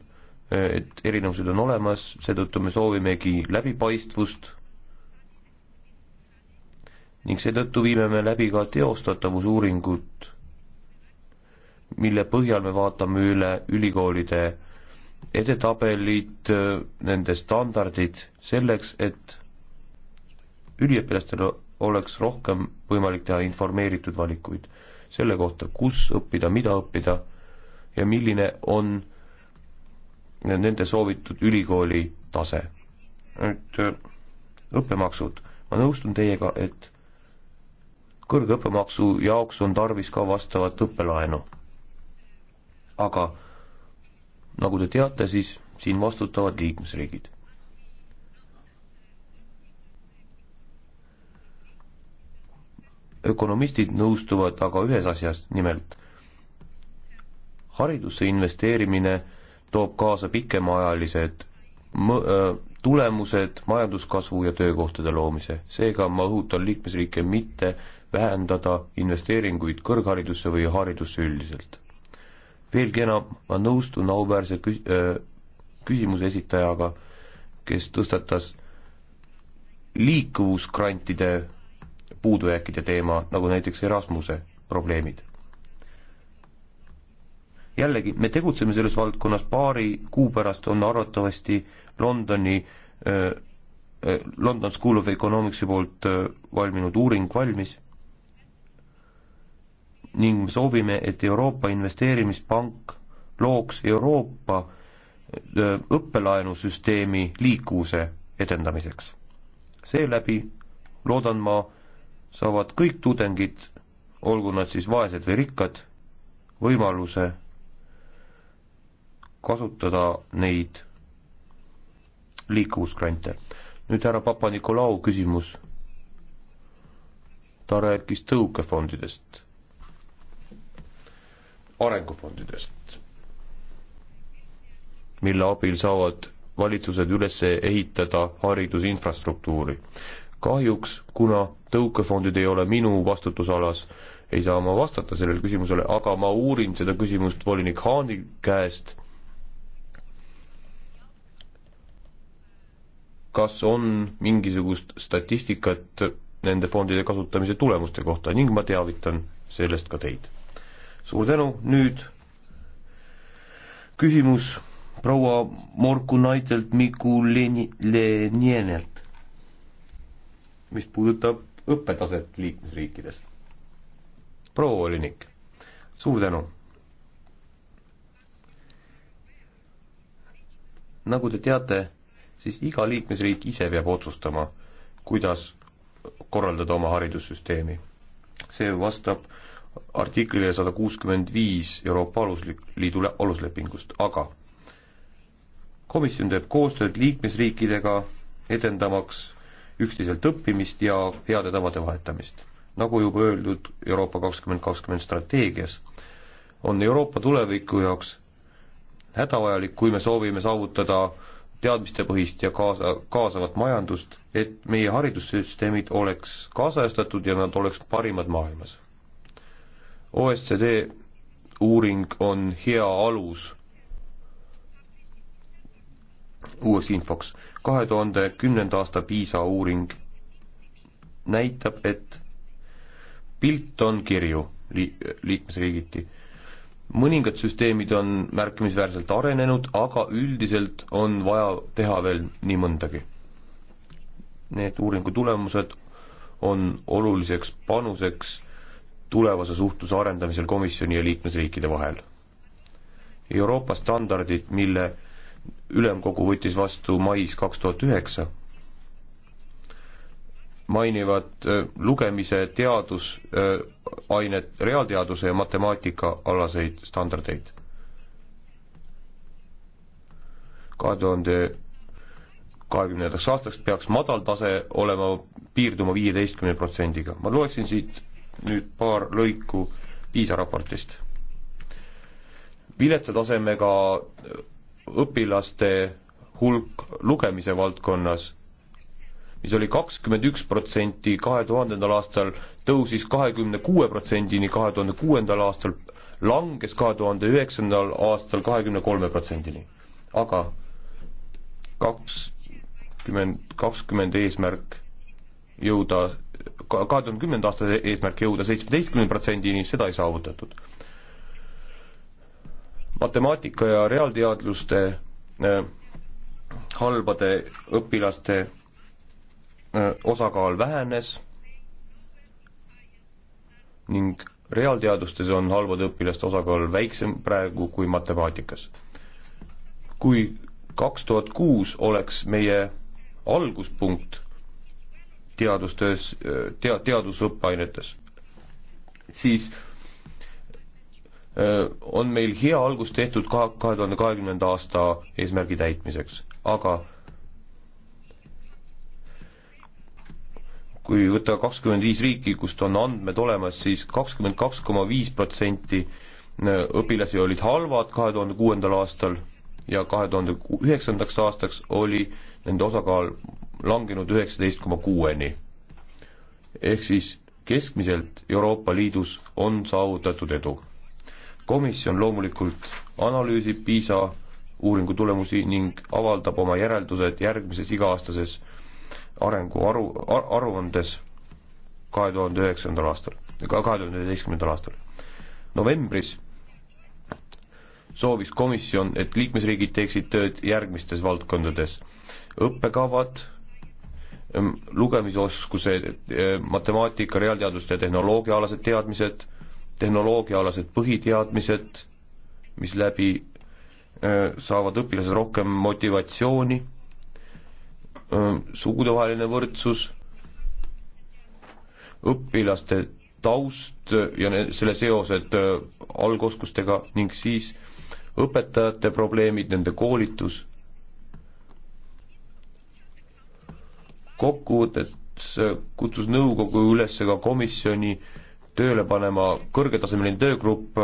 et erinevused on olemas, seetõttu me soovimegi läbipaistvust ning seetõttu viime me läbi ka teostatavusuuringut mille põhjal me vaatame üle ülikoolide edetabelid, nende standardid, selleks, et üliõpilastel oleks rohkem võimalik teha informeeritud valikuid selle kohta, kus õppida, mida õppida ja milline on nende soovitud ülikooli tase. nüüd äh, õppemaksud, ma nõustun teiega, et kõrge õppemaksu jaoks on tarvis ka vastavat õppelaenu aga nagu te teate, siis siin vastutavad liikmesriigid. ökonomistid nõustuvad aga ühes asjas, nimelt haridusse investeerimine toob kaasa pikemaajalised tulemused, majanduskasvu ja töökohtade loomise. seega ma õhutan liikmesriike mitte vähendada investeeringuid kõrgharidusse või haridusse üldiselt veelgi enam, ma nõustun auväärse küs-, äh, küsimuse esitajaga, kes tõstatas liikuvusgrantide puudujääkide teema, nagu näiteks Erasmuse probleemid. jällegi, me tegutseme selles valdkonnas, paari kuu pärast on arvatavasti Londoni äh, äh, London School of Economicsi poolt valminud uuring valmis ning me soovime, et Euroopa Investeerimispank looks Euroopa õppelaenusüsteemi liikuvuse edendamiseks. seeläbi, loodan ma, saavad kõik tudengid, olgu nad siis vaesed või rikkad, võimaluse kasutada neid liikuvusgrante. nüüd härra Papa-Nikolau küsimus. ta rääkis tõukefondidest arengufondidest, mille abil saavad valitsused üles ehitada haridusinfrastruktuuri. kahjuks, kuna tõukefondid ei ole minu vastutusalas, ei saa ma vastata sellele küsimusele, aga ma uurin seda küsimust volinik Haani käest. kas on mingisugust statistikat nende fondide kasutamise tulemuste kohta ning ma teavitan sellest ka teid suur tänu, nüüd küsimus proua Morkunaitelt Mikulenjenienelt, mis puudutab õppetaset liikmesriikides. proua volinik, suur tänu. nagu te teate, siis iga liikmesriik ise peab otsustama, kuidas korraldada oma haridussüsteemi. see vastab artiklile sada kuuskümmend viis Euroopa Alusliidu aluslepingust, aga komisjon teeb koostööd liikmesriikidega, edendamaks üksteiselt õppimist ja heade tavade vahetamist. nagu juba öeldud Euroopa kakskümmend kakskümmend strateegias, on Euroopa tuleviku jaoks hädavajalik, kui me soovime saavutada teadmistepõhist ja kaasa, kaasavat majandust, et meie haridussüsteemid oleks kaasajastatud ja nad oleks parimad maailmas OSCD uuring on hea alus uueks infoks. kahe tuhande kümnenda aasta PISA uuring näitab, et pilt on kirju li-, liikmesriigiti. mõningad süsteemid on märkimisväärselt arenenud, aga üldiselt on vaja teha veel nii mõndagi. Need uuringu tulemused on oluliseks panuseks tulevase suhtluse arendamisel komisjoni ja liikmesriikide vahel. Euroopa standardid, mille ülemkogu võttis vastu mais kaks tuhat üheksa, mainivad äh, lugemise, teadusainet, äh, reaalteaduse ja matemaatika alaseid standardeid. kahe tuhande kahekümnendaks aastaks peaks madaltase olema piirduma viieteistkümne protsendiga. ma loeksin siit nüüd paar lõiku PISA raportist. viletsa tasemega õpilaste hulk lugemise valdkonnas, mis oli kakskümmend üks protsenti kahe tuhandendal aastal, tõusis kahekümne kuue protsendini kahe tuhande kuuendal aastal, langes kahe tuhande üheksandal aastal kahekümne kolme protsendini. aga kakskümmend, kakskümmend eesmärk jõuda kahe tuhande kümnenda aasta eesmärk jõuda seitsmeteistkümne protsendini, seda ei saavutatud. matemaatika ja reaalteadluste äh, halbade õpilaste äh, osakaal vähenes ning reaalteadustes on halbade õpilaste osakaal väiksem praegu kui matemaatikas. kui kaks tuhat kuus oleks meie alguspunkt teadustöös, tea-, teadusõppeainetes, siis on meil hea algus tehtud ka kahe tuhande kahekümnenda aasta eesmärgi täitmiseks, aga kui võtta kakskümmend viis riiki, kust on andmed olemas siis, siis kakskümmend kaks koma viis protsenti õpilasi olid halvad kahe tuhande kuuendal aastal ja kahe tuhande üheksandaks aastaks oli nende osakaal langenud üheksateist koma kuueni. ehk siis keskmiselt Euroopa Liidus on saavutatud edu. komisjon loomulikult analüüsib PISA uuringu tulemusi ning avaldab oma järeldused järgmises iga-aastases arengu aru ar, aruandes kahe tuhande üheksandal aastal, kahe tuhande üheteistkümnendal aastal. novembris soovis komisjon, et liikmesriigid teeksid tööd järgmistes valdkondades. õppekavad, lugemisoskused, e, matemaatika, reaalteaduste ja tehnoloogiaalased teadmised, tehnoloogiaalased põhiteadmised, mis läbi e, saavad õpilased rohkem motivatsiooni, e, sugudevaheline võrdsus, õpilaste taust ja selle seosed algoskustega ning siis õpetajate probleemid, nende koolitus kokkuvõttes kutsus nõukogu üles ka komisjoni tööle panema kõrgetasemeline töögrupp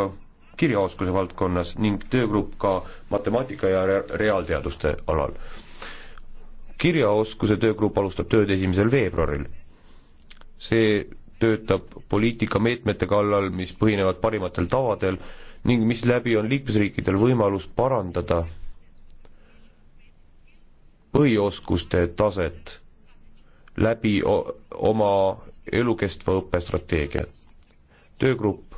kirjaoskuse valdkonnas ning töögrupp ka matemaatika ja re reaalteaduste alal. kirjaoskuse töögrupp alustab tööd esimesel veebruaril. see töötab poliitikameetmete kallal, mis põhinevad parimatel tavadel ning mis läbi on liikmesriikidel võimalus parandada põhioskuste taset läbi oma elukestva õppe strateegia. töögrupp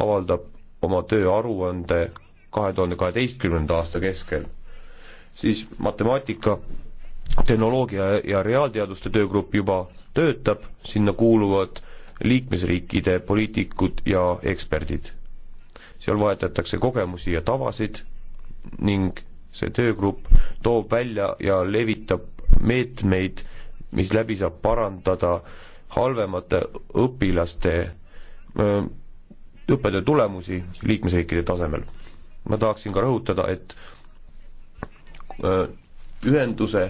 avaldab oma tööaruande kahe tuhande kaheteistkümnenda aasta keskel, siis matemaatika, tehnoloogia ja reaalteaduste töögrupp juba töötab, sinna kuuluvad liikmesriikide poliitikud ja eksperdid. seal vahetatakse kogemusi ja tavasid ning see töögrupp toob välja ja levitab meetmeid mis läbi saab parandada halvemate õpilaste õppetöö tulemusi liikmesriikide tasemel. ma tahaksin ka rõhutada, et öö, ühenduse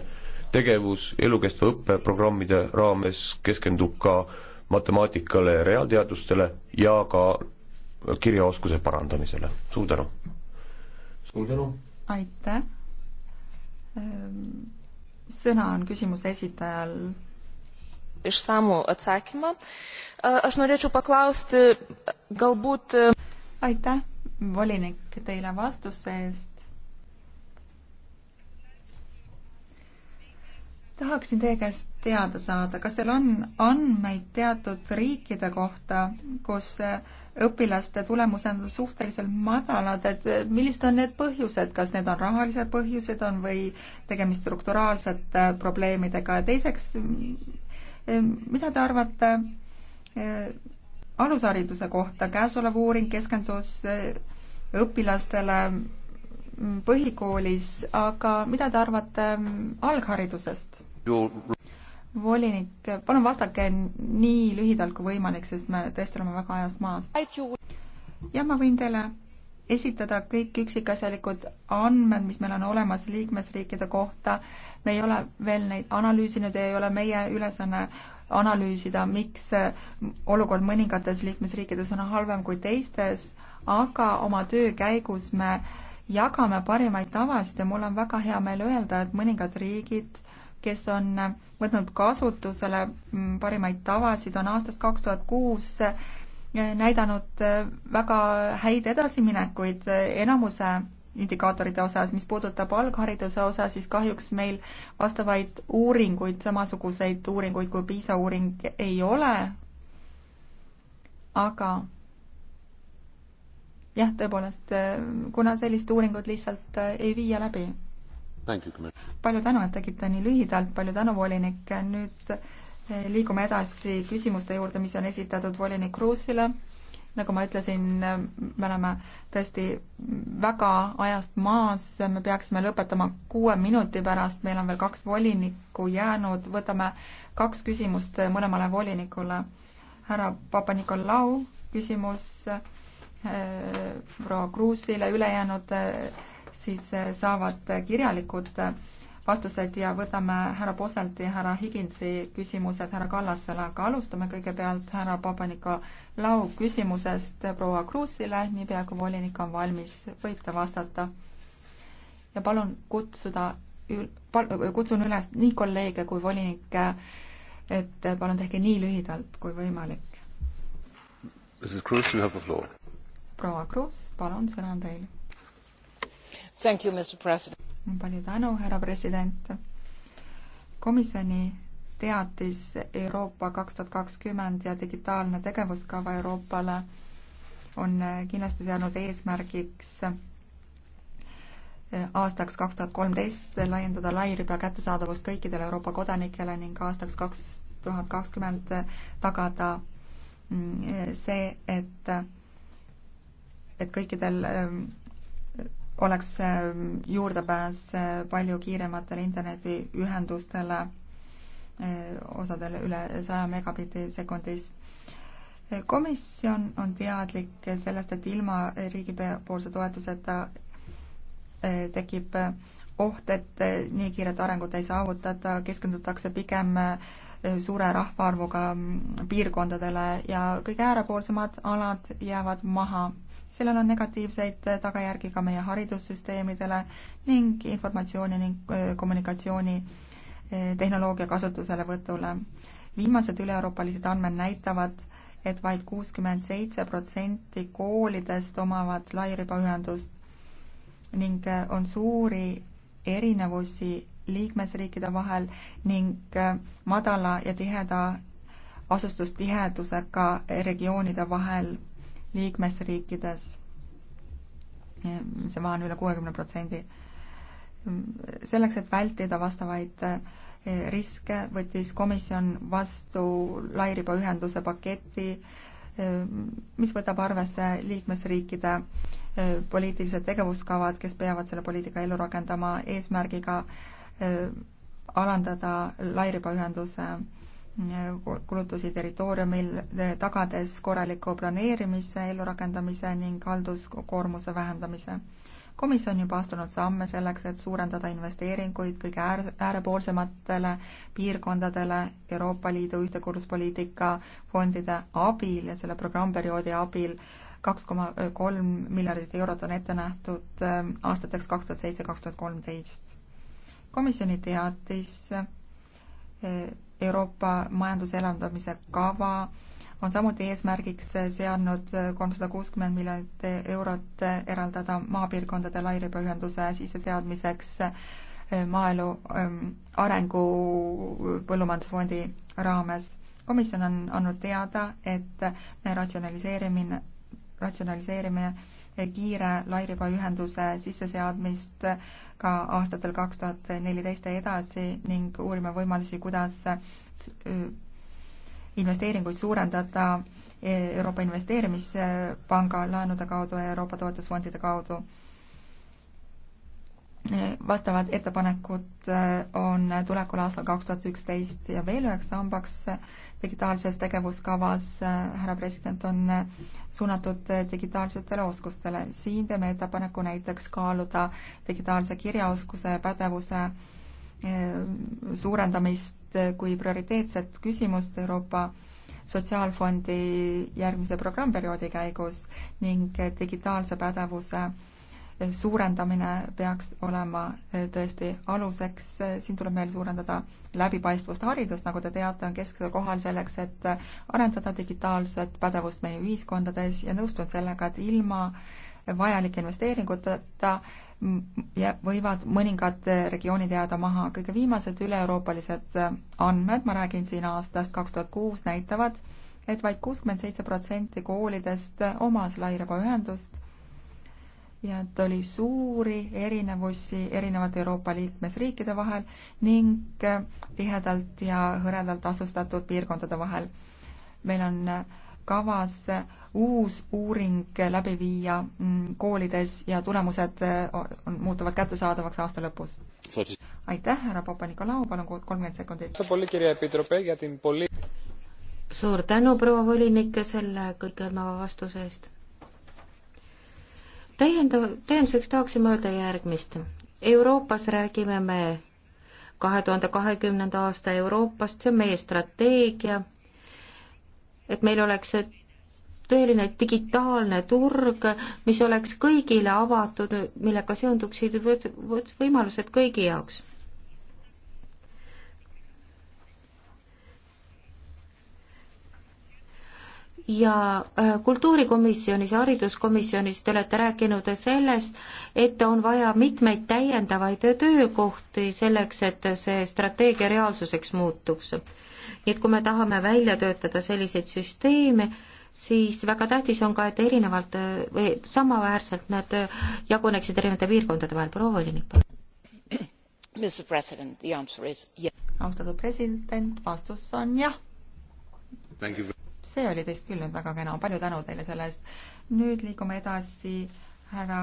tegevus elukestva õppeprogrammide raames keskendub ka matemaatikale ja reaalteadustele ja ka kirjaoskuse parandamisele. suur tänu! suur tänu! aitäh! Ehm, sõna on küsimuse esitajal. išsamų atsakymą. Aš norėčiau paklausti, galbūt. aitäh, volinik, teile vastuse eest. tahaksin teie käest teada saada, kas teil on andmeid teatud riikide kohta, kus õpilaste tulemused on suhteliselt madalad, et millised on need põhjused, kas need on rahalised põhjused on või tegemist strukturaalsete probleemidega ja teiseks, mida te arvate e, alushariduse kohta, käesolev uuring keskendus e, õpilastele põhikoolis, aga mida te arvate algharidusest? volinik, palun vastake nii lühidalt kui võimalik, sest me tõesti oleme väga ajast maas. jah, ma võin teile esitada kõik üksikasjalikud andmed, mis meil on olemas liikmesriikide kohta. me ei ole veel neid analüüsinud ja ei ole meie ülesanne analüüsida, miks olukord mõningates liikmesriikides on halvem kui teistes, aga oma töö käigus me jagame parimaid tavasid ja mul on väga hea meel öelda, et mõningad riigid kes on võtnud kasutusele parimaid tavasid, on aastast kaks tuhat kuus näidanud väga häid edasiminekuid enamuse indikaatorite osas, mis puudutab alghariduse osa, siis kahjuks meil vastavaid uuringuid, samasuguseid uuringuid kui PISA uuring ei ole, aga jah, tõepoolest, kuna sellist uuringut lihtsalt ei viia läbi palju tänu, et tegite nii lühidalt, palju tänu, volinik, nüüd eh, liigume edasi küsimuste juurde, mis on esitatud volinik Kruusile. nagu ma ütlesin, me oleme tõesti väga ajast maas, me peaksime lõpetama kuue minuti pärast, meil on veel kaks volinikku jäänud, võtame kaks küsimust mõlemale volinikule. härra Papa-Nikolau, küsimus eh, proua Kruusile, ülejäänud eh, siis eh, saavad kirjalikud eh, vastused ja võtame härra Poselti ja härra Higinsi küsimused härra Kallasele, aga alustame kõigepealt härra Papaniko-Lau küsimusest proua Kruusile, niipea kui volinik on valmis, võib ta vastata. ja palun kutsuda, kutsun üles nii kolleege kui volinikke, et palun tehke nii lühidalt kui võimalik. proua Kruus, palun, sõna on teil palju tänu, härra president. komisjoni teatis Euroopa kaks tuhat kakskümmend ja digitaalne tegevuskava Euroopale on kindlasti seadnud eesmärgiks aastaks kaks tuhat kolmteist laiendada lairiba kättesaadavust kõikidele Euroopa kodanikele ning aastaks kaks tuhat kakskümmend tagada mm, see, et, et kõikidel oleks ähm, juurdepääs äh, palju kiirematele internetiühendustele, äh, osadel üle saja megabitti sekundis. Äh, komisjon on teadlik sellest, et ilma riigipoolse toetuseta tekib oht, et nii kiiret arengut ei saavutata, keskendutakse pigem suure rahvaarvuga mm, piirkondadele ja kõige äärepoolsemad alad jäävad maha sellel on negatiivseid tagajärgi ka meie haridussüsteemidele ning informatsiooni ning kommunikatsiooni tehnoloogia kasutuselevõtule. viimased üle-euroopalised andmed näitavad, et vaid kuuskümmend seitse protsenti koolidest omavad lairibaühendust ning on suuri erinevusi liikmesriikide vahel ning madala ja tiheda asustustihedusega regioonide vahel liikmesriikides. see vahe on üle kuuekümne protsendi. selleks, et vältida vastavaid eh, riske, võttis komisjon vastu lairibaühenduse paketi, eh, mis võtab arvesse liikmesriikide eh, poliitilised tegevuskavad, kes peavad selle poliitika ellu rakendama eesmärgiga alandada lairibaühenduse kulutusi territooriumil, tagades korraliku planeerimise, ellurakendamise ning halduskoormuse vähendamise. komisjon juba astunud samme selleks, et suurendada investeeringuid kõige äär-, äärepoolsematele piirkondadele Euroopa Liidu ühtekuuluvuspoliitika fondide abil ja selle programmperioodi abil kaks koma kolm miljardit eurot on ette nähtud ähm, aastateks kaks tuhat seitse, kaks tuhat kolmteist. komisjoni teatis äh, Euroopa majanduse elavdamise kava on samuti eesmärgiks seadnud kolmsada kuuskümmend miljonit eurot eraldada maapiirkondade lairibaühenduse sisseseadmiseks maaelu ähm, arengu põllumajandusfondi raames. komisjon on andnud teada, et ratsionaliseerimine, ratsionaliseerimine kiire lairibaühenduse sisseseadmist ka aastatel kaks tuhat neliteist ja edasi ning uurime võimalusi, kuidas äh, investeeringuid suurendada äh, Euroopa Investeerimispanga laenude kaudu ja Euroopa toetusfondide kaudu vastavad ettepanekud äh, on tulekul aastal kaks tuhat üksteist ja veel üheks sambaks digitaalses tegevuskavas, äh, härra president, on äh, suunatud digitaalsetele oskustele. siin teeme ettepaneku näiteks kaaluda digitaalse kirjaoskuse pädevuse suurendamist kui prioriteetset küsimust Euroopa Sotsiaalfondi järgmise programmperioodi käigus ning digitaalse pädevuse suurendamine peaks olema eh, tõesti aluseks, siin tuleb meil suurendada läbipaistvust haridust, nagu te teate, on kesksel kohal selleks, et arendada digitaalset pädevust meie ühiskondades ja nõustun sellega, et ilma vajalike investeeringuteta võivad mõningad regioonid jääda maha. kõige viimased üle-euroopalised eh, andmed, ma räägin siin aastast kaks tuhat kuus, näitavad, et vaid kuuskümmend seitse protsenti koolidest omas lairibaühendust ja et oli suuri erinevusi erinevate Euroopa liikmesriikide vahel ning äh, tihedalt ja hõredalt asustatud piirkondade vahel. meil on äh, kavas äh, uus uuring läbi viia mm, koolides ja tulemused on, muutuvad kättesaadavaks aasta lõpus. aitäh, härra Papa-Nikolau, palun kolmkümmend sekundit. suur tänu, proua volinik, selle kõikehõlmava vastuse eest täiendav, täienduseks tahaksin öelda järgmist. Euroopas räägime me kahe tuhande kahekümnenda aasta Euroopast, see on meie strateegia, et meil oleks tõeline digitaalne turg, mis oleks kõigile avatud, millega seonduksid võimalused kõigi jaoks ja äh, kultuurikomisjonis ja hariduskomisjonis te olete rääkinud sellest, et on vaja mitmeid täiendavaid töökohti selleks, et see strateegia reaalsuseks muutuks. nii et kui me tahame välja töötada selliseid süsteeme, siis väga tähtis on ka, et erinevalt äh, või samaväärselt nad äh, jaguneksid erinevate piirkondade vahel. proua volinik, palun. austatud president, vastus on jah see oli teist küll nüüd väga kena, palju tänu teile selle eest. nüüd liigume edasi härra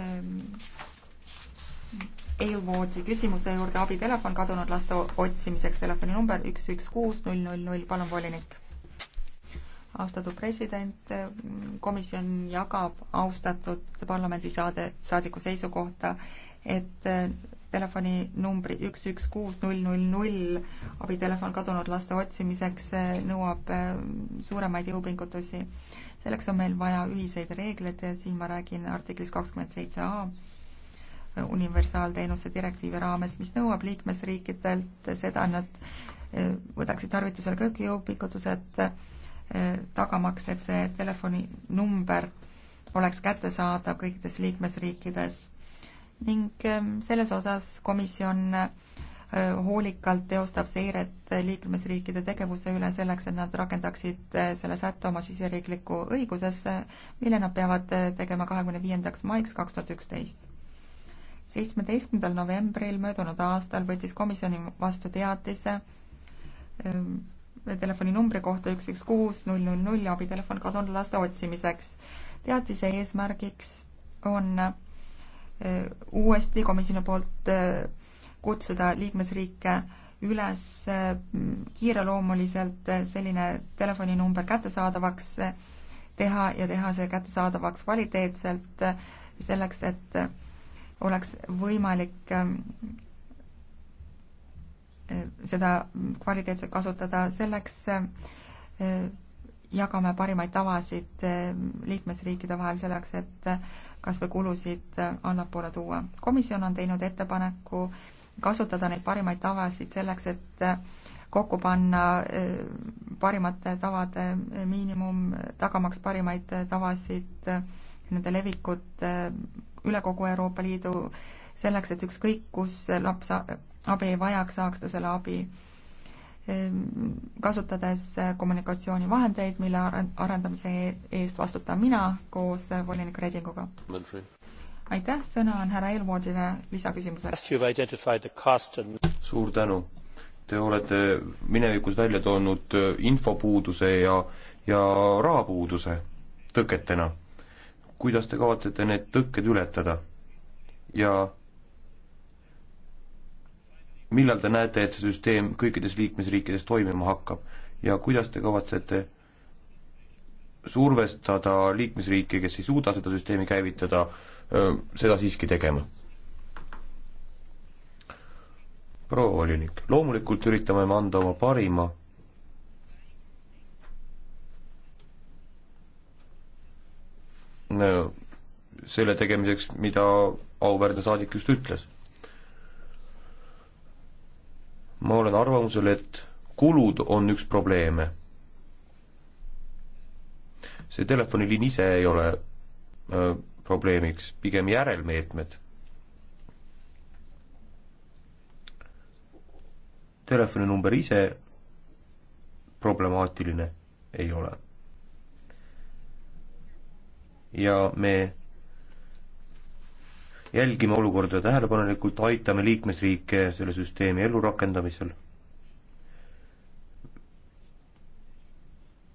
ähm, Eilvoodi küsimuse juurde, abitelefon kadunud laste otsimiseks, telefoninumber üks, üks, kuus, null, null, null, palun, volinik. austatud president, komisjon jagab austatud parlamendisaade, saadiku seisukohta, et telefoninumbri üks, üks, kuus, null, null, null, abitelefon kadunud laste otsimiseks nõuab äh, suuremaid jõupingutusi. selleks on meil vaja ühiseid reegleid ja siin ma räägin artiklis kakskümmend seitse A äh, universaalteenuste direktiivi raames, mis nõuab liikmesriikidelt seda, et nad äh, võtaksid tarvitusele kõik jõupingutused, tagamaks, et see telefoninumber oleks kättesaadav kõikides liikmesriikides ning ähm, selles osas komisjon äh, hoolikalt teostab seiret liikmesriikide tegevuse üle selleks, et nad rakendaksid äh, selle sätte oma siseriiklikku õigusesse, mille nad peavad äh, tegema kahekümne viiendaks maiks kaks tuhat üksteist. seitsmeteistkümnendal novembril möödunud aastal võttis komisjoni vastu teatise ähm, telefoninumbri kohta üks, üks, kuus, null, null, null ja abitelefon kadunud laste otsimiseks. teatise eesmärgiks on Äh, uuesti komisjoni poolt äh, kutsuda liikmesriike üles äh, kiireloomuliselt selline telefoninumber kättesaadavaks teha ja teha see kättesaadavaks kvaliteetselt selleks, et oleks võimalik seda kvaliteetselt kasutada selleks jagame parimaid tavasid eh, liikmesriikide vahel selleks, et eh, kas või kulusid eh, allapoole tuua. komisjon on teinud ettepaneku kasutada neid parimaid tavasid selleks, et kokku panna parimate tavade miinimum, tagamaks parimaid tavasid, nende levikut üle kogu Euroopa Liidu, selleks, et ükskõik, kus laps abi ei vajaks, saaks ta selle abi Ehm, kasutades äh, kommunikatsioonivahendeid, mille arendamise e-, eest vastutan mina koos äh, volinik Redinguga. aitäh, sõna on härra Elmoodile lisaküsimuseks. suur tänu. Te olete minevikus välja toonud äh, infopuuduse ja, ja rahapuuduse tõketena. kuidas te kavatsete need tõkked ületada? ja millal te näete, et see süsteem kõikides liikmesriikides toimima hakkab ja kuidas te kavatsete survestada liikmesriike, kes ei suuda seda süsteemi käivitada, seda siiski tegema? proua volinik, loomulikult üritame me anda oma parima no, selle tegemiseks, mida auväärne saadik just ütles ma olen arvamusel, et kulud on üks probleeme. see telefoniliin ise ei ole öö, probleemiks, pigem järelmeetmed. telefoninumber ise problemaatiline ei ole. ja me jälgime olukorda tähelepanelikult, aitame liikmesriike selle süsteemi ellurakendamisel.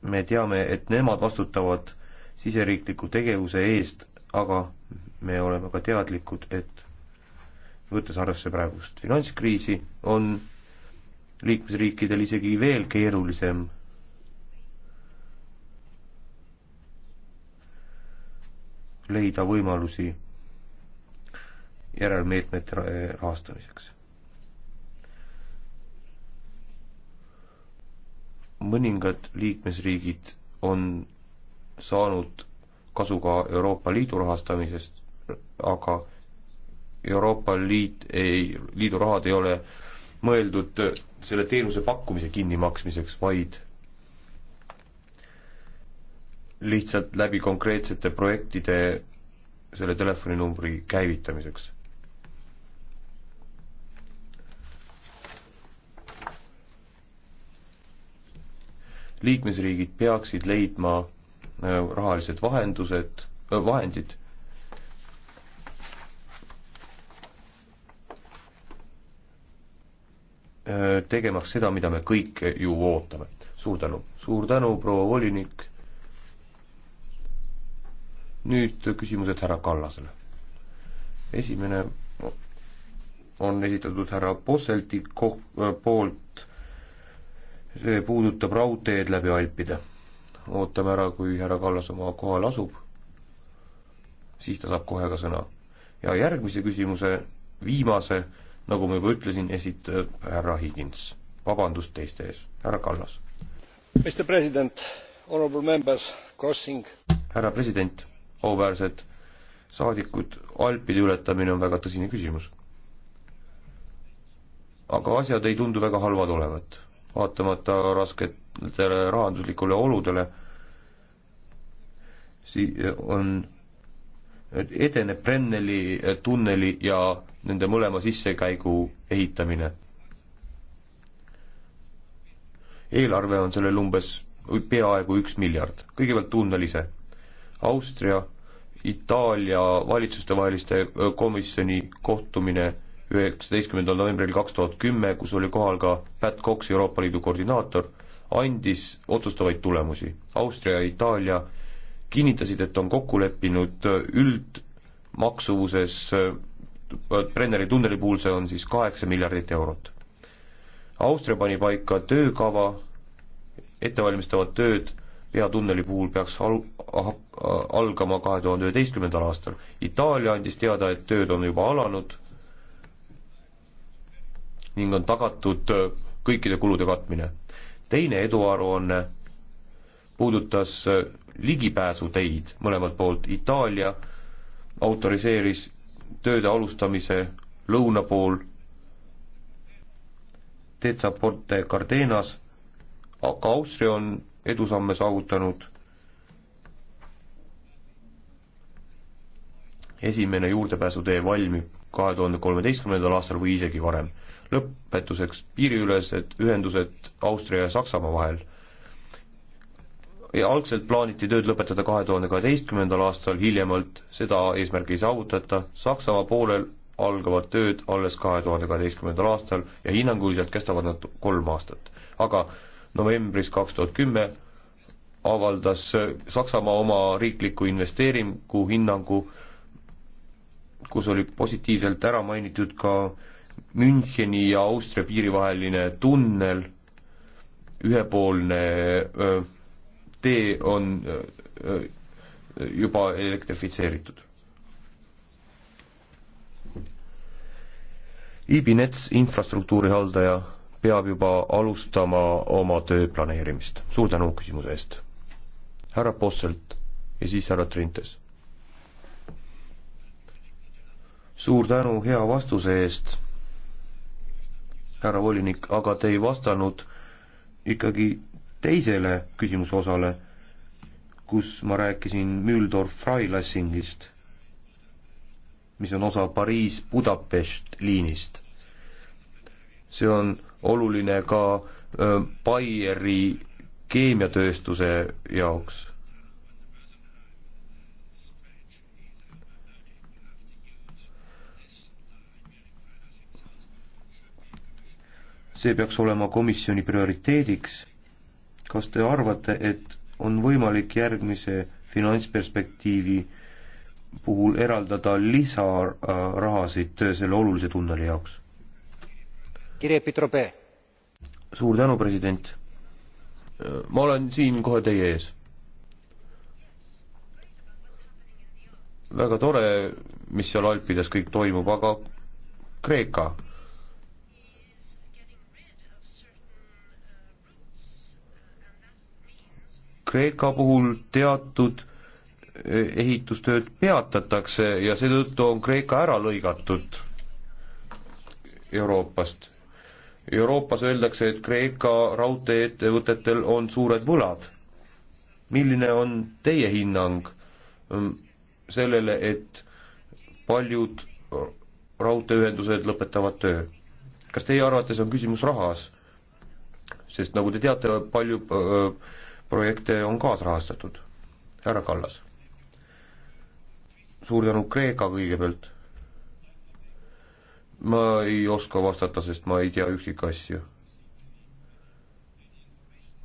me teame, et nemad vastutavad siseriikliku tegevuse eest, aga me oleme ka teadlikud, et võttes arvesse praegust finantskriisi, on liikmesriikidel isegi veel keerulisem leida võimalusi järelmeetmete rahastamiseks. mõningad liikmesriigid on saanud kasu ka Euroopa Liidu rahastamisest, aga Euroopa Liit ei, liidu rahad ei ole mõeldud selle teenuse pakkumise kinnimaksmiseks, vaid lihtsalt läbi konkreetsete projektide selle telefoninumbri käivitamiseks liikmesriigid peaksid leidma äh, rahalised vahendused, äh, vahendid äh, tegemaks seda, mida me kõik ju ootame. suur tänu. suur tänu, proua volinik. nüüd küsimused härra Kallasele. esimene on esitatud härra Posselti koh-, poolt see puudutab raudteed läbi Alpide. ootame ära, kui härra Kallas oma kohale asub, siis ta saab kohe ka sõna. ja järgmise küsimuse, viimase, nagu ma juba ütlesin, esitab härra Higins. vabandust teiste ees, härra Kallas. Mr President, honorable members, crossing härra president, auväärsed saadikud, Alpide ületamine on väga tõsine küsimus. aga asjad ei tundu väga halvad olevat vaatamata rasketele rahanduslikule oludele, sii-, on, edeneb Brenneli eh, tunneli ja nende mõlema sissekäigu ehitamine. eelarve on sellel umbes peaaegu üks miljard, kõigepealt tunnel ise. Austria Itaalia valitsustevaheliste eh, komisjoni kohtumine üheksateistkümnendal novembril kaks tuhat kümme, kus oli kohal ka Pat Cox, Euroopa Liidu koordinaator, andis otsustavaid tulemusi. Austria ja Itaalia kinnitasid, et on kokku leppinud üldmaksuvuses Brenneri tunneli puhul see on siis kaheksa miljardit eurot. Austria pani paika töökava, ettevalmistavad tööd peatunneli puhul peaks al-, ah-, algama kahe tuhande üheteistkümnendal aastal. Itaalia andis teada, et tööd on juba alanud, ning on tagatud äh, kõikide kulude katmine. teine eduaruanne puudutas äh, ligipääsuteid mõlemalt poolt, Itaalia autoriseeris tööde alustamise lõuna pool Tetsa Porte Cardenas, aga Austria on edusamme saavutanud. esimene juurdepääsutee valmib kahe tuhande kolmeteistkümnendal aastal või isegi varem lõpetuseks piiriülesed ühendused Austria ja Saksamaa vahel. ja algselt plaaniti tööd lõpetada kahe tuhande kaheteistkümnendal aastal hiljemalt, seda eesmärki ei saavutata, Saksamaa poolel algavad tööd alles kahe tuhande kaheteistkümnendal aastal ja hinnanguliselt kestavad nad kolm aastat. aga novembris kaks tuhat kümme avaldas Saksamaa oma riikliku investeeringu hinnangu, kus oli positiivselt ära mainitud ka äh, Müncheni ja Austria piirivaheline tunnel, ühepoolne öö, tee on öö, juba elektrifitseeritud. IBNets infrastruktuuri haldaja peab juba alustama oma töö planeerimist. suur tänu küsimuse eest. härra Posselt ja siis härra Trintes. suur tänu hea vastuse eest härra volinik, aga te ei vastanud ikkagi teisele küsimuse osale, kus ma rääkisin Mühldorf-Freilassingist, mis on osa Pariis-Budapest liinist. see on oluline ka äh, Baieri keemiatööstuse jaoks see peaks olema komisjoni prioriteediks. kas te arvate, et on võimalik järgmise finantsperspektiivi puhul eraldada lisarahasid selle olulise tunneli jaoks? suur tänu, president. ma olen siin kohe teie ees. väga tore, mis seal Alpides kõik toimub, aga Kreeka Kreeka puhul teatud eh, ehitustööd peatatakse ja seetõttu on Kreeka ära lõigatud Euroopast. Euroopas öeldakse, et Kreeka raudtee-ettevõtetel on suured võlad. milline on teie hinnang mm, sellele, et paljud raudteeühendused lõpetavad töö? kas teie arvates on küsimus rahas? sest nagu te teate, palju öö, projekte on kaasrahastatud. härra Kallas. suur tänu Kreeka kõigepealt. ma ei oska vastata, sest ma ei tea üksikasju.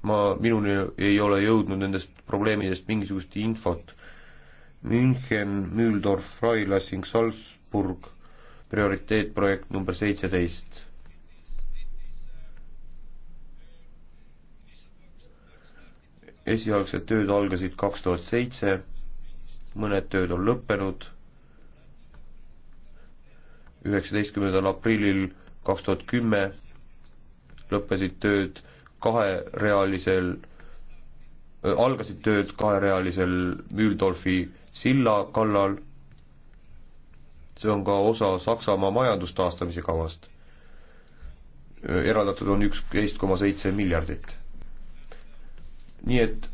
ma, minuni ei ole jõudnud nendest probleemidest mingisugust infot. München, Mühldorf, Freilassing, Salzburg, prioriteetprojekt number seitseteist esialgsed tööd algasid kaks tuhat seitse, mõned tööd on lõppenud, üheksateistkümnendal aprillil kaks tuhat kümme lõppesid tööd kaherealisel äh,, algasid tööd kaherealisel Mühldorfi silla kallal, see on ka osa Saksamaa majandustaastamise kavast. eraldatud on üksteist koma seitse miljardit nii et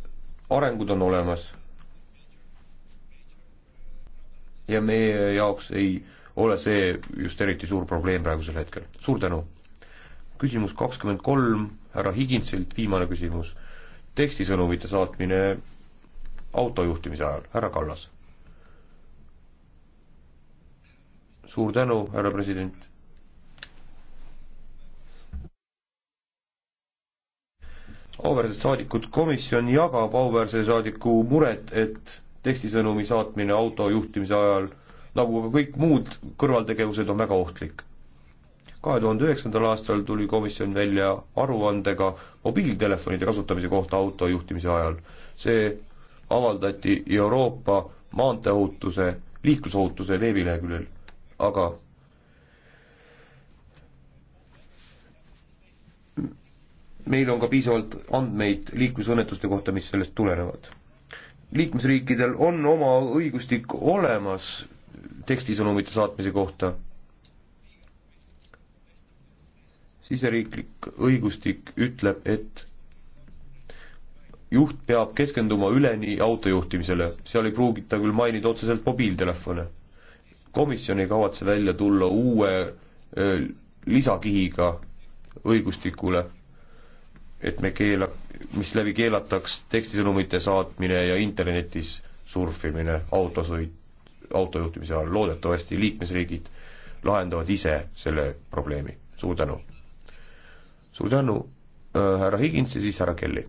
arengud on olemas. ja meie jaoks ei ole see just eriti suur probleem praegusel hetkel. suur tänu! küsimus kakskümmend kolm, härra Higinsilt viimane küsimus. tekstisõnumite saatmine autojuhtimise ajal, härra Kallas. suur tänu, härra president auväärsed saadikud, komisjon jagab auväärse saadiku muret, et tekstisõnumi saatmine auto juhtimise ajal, nagu ka kõik muud kõrvaltegevused, on väga ohtlik. kahe tuhande üheksandal aastal tuli komisjon välja aruandega mobiiltelefonide kasutamise kohta auto juhtimise ajal. see avaldati Euroopa maanteeohutuse, liiklusohutuse veebileheküljel, aga meil on ka piisavalt andmeid liiklusõnnetuste kohta, mis sellest tulenevad. liikmesriikidel on oma õigustik olemas tekstisõnumite saatmise kohta, siseriiklik õigustik ütleb, et juht peab keskenduma üleni autojuhtimisele, seal ei pruugita küll mainida otseselt mobiiltelefone. komisjon ei kavatse välja tulla uue öö, lisakihiga õigustikule et me keela, mis läbi keelataks tekstisõnumite saatmine ja internetis surfimine autosõit, autojuhtimise all, loodetavasti liikmesriigid lahendavad ise selle probleemi, suur tänu. suur tänu äh,, härra Higins ja siis härra Kelly.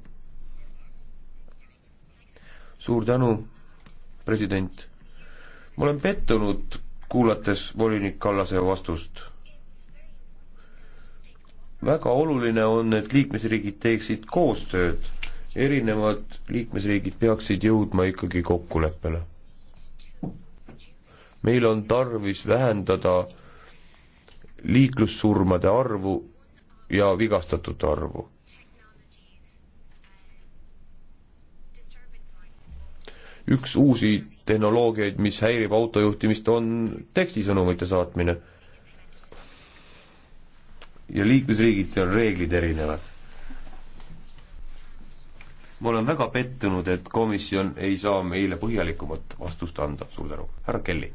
suur tänu, president. ma olen pettunud, kuulates volinik Kallase vastust väga oluline on, et liikmesriigid teeksid koostööd, erinevad liikmesriigid peaksid jõudma ikkagi kokkuleppele. meil on tarvis vähendada liiklussurmade arvu ja vigastatute arvu. üks uusi tehnoloogiaid, mis häirib autojuhtimist, on tekstisõnumite saatmine ja liikmesriigiti on reeglid erinevad. ma olen väga pettunud, et komisjon ei saa meile põhjalikumat vastust anda, suur tänu, härra Kelly.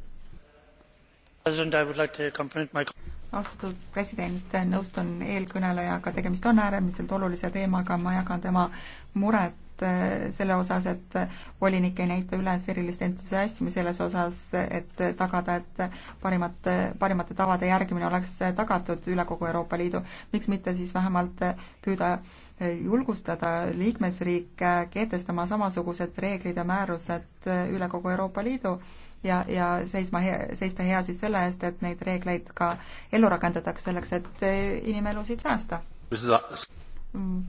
austatud president, nõustun eelkõnelejaga, tegemist on äärmiselt olulise teemaga, ma jagan tema muret muret eh, selle osas, et volinik ei näita üles erilist entusiasmi selles osas, et tagada, et parimad, parimate tavade järgimine oleks tagatud üle kogu Euroopa Liidu. miks mitte siis vähemalt püüda julgustada liikmesriike kehtestama samasugused reeglid ja määrused üle kogu Euroopa Liidu ja, ja seisma, seista hea siis selle eest, et neid reegleid ka ellu rakendataks selleks, et inimelusid säästa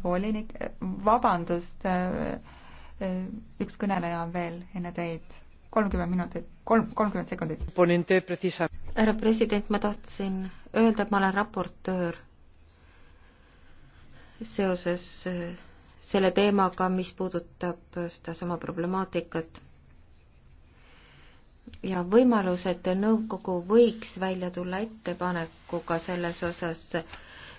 volinik, vabandust, äh, äh, üks kõneleja on veel enne teid, kolmkümmend minutit, kolm, kolmkümmend sekundit. härra president, ma tahtsin öelda, et ma olen raportöör seoses äh, selle teemaga, mis puudutab sedasama problemaatikat ja võimalus, et nõukogu võiks välja tulla ettepanekuga selles osas,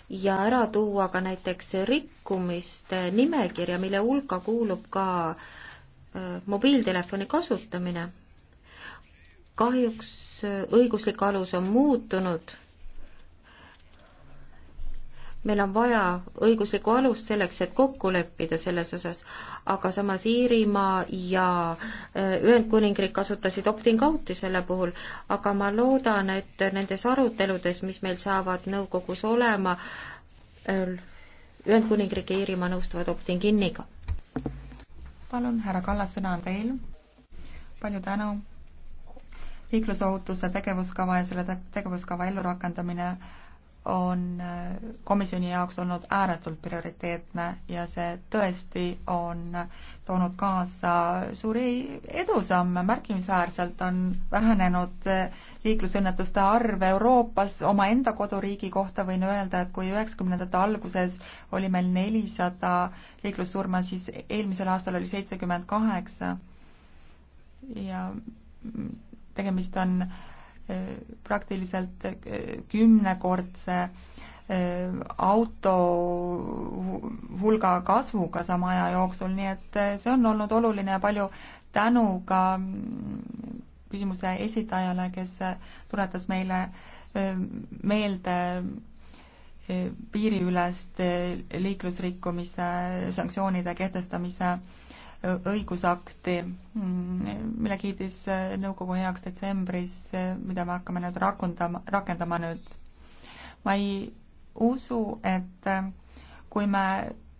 ja ära tuua ka näiteks rikkumiste nimekirja, mille hulka kuulub ka äh, mobiiltelefoni kasutamine. kahjuks õiguslik alus on muutunud meil on vaja õiguslikku alust selleks, et kokku leppida selles osas, aga samas Iirimaa ja äh, Ühendkuningriik kasutasid opting out'i selle puhul, aga ma loodan, et nendes aruteludes, mis meil saavad nõukogus olema, äh, Ühendkuningriik ja Iirimaa nõustuvad opting in'iga. palun, härra Kallas, sõna on teil. palju tänu. liiklusohutuse tegevuskava ja selle tegevuskava ellurakendamine on äh, komisjoni jaoks olnud ääretult prioriteetne ja see tõesti on toonud kaasa suuri edusamme, märkimisväärselt on vähenenud äh, liiklusõnnetuste arv Euroopas, omaenda koduriigi kohta võin öelda, et kui üheksakümnendate alguses oli meil nelisada liiklussurma, siis eelmisel aastal oli seitsekümmend kaheksa. ja tegemist on äh, praktiliselt eh, kümnekordse eh, auto hulga kasvuga sama aja jooksul, nii et eh, see on olnud oluline ja palju tänu ka mm, küsimuse esitajale, kes tuletas meile meelde piiriülest liiklusrikkumise sanktsioonide kehtestamise äh, õigusakti, mm, mille kiidis äh, nõukogu heaks detsembris, äh, mida me hakkame nüüd rakundama, rakendama nüüd. ma ei usu, et äh, kui me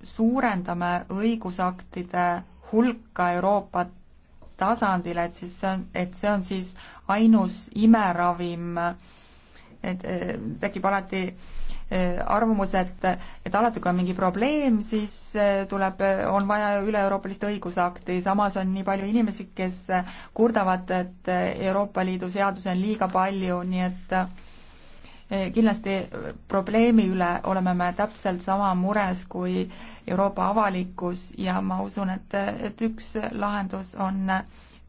suurendame õigusaktide hulka Euroopa tasandil, et siis see on, et see on siis ainus imeravim, et tekib alati Äh, arvamus, et, et alati, kui on mingi probleem, siis äh, tuleb, on vaja üle-euroopalist õigusakti, samas on nii palju inimesi, kes äh, kurdavad, et Euroopa Liidu seadusi on liiga palju, nii et kindlasti probleemi üle oleme me täpselt sama mures kui Euroopa avalikkus ja ma usun, et, et üks lahendus on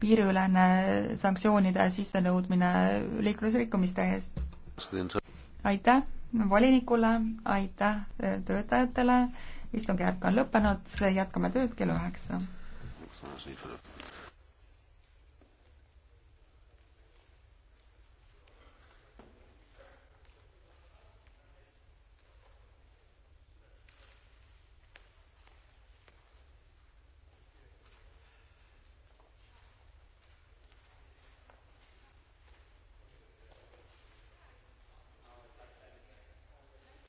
piiriülene sanktsioonide sissenõudmine liiklusrikkumiste eest. aitäh! volinikule, aitäh töötajatele, istungjärk on lõppenud, jätkame tööd kell üheksa.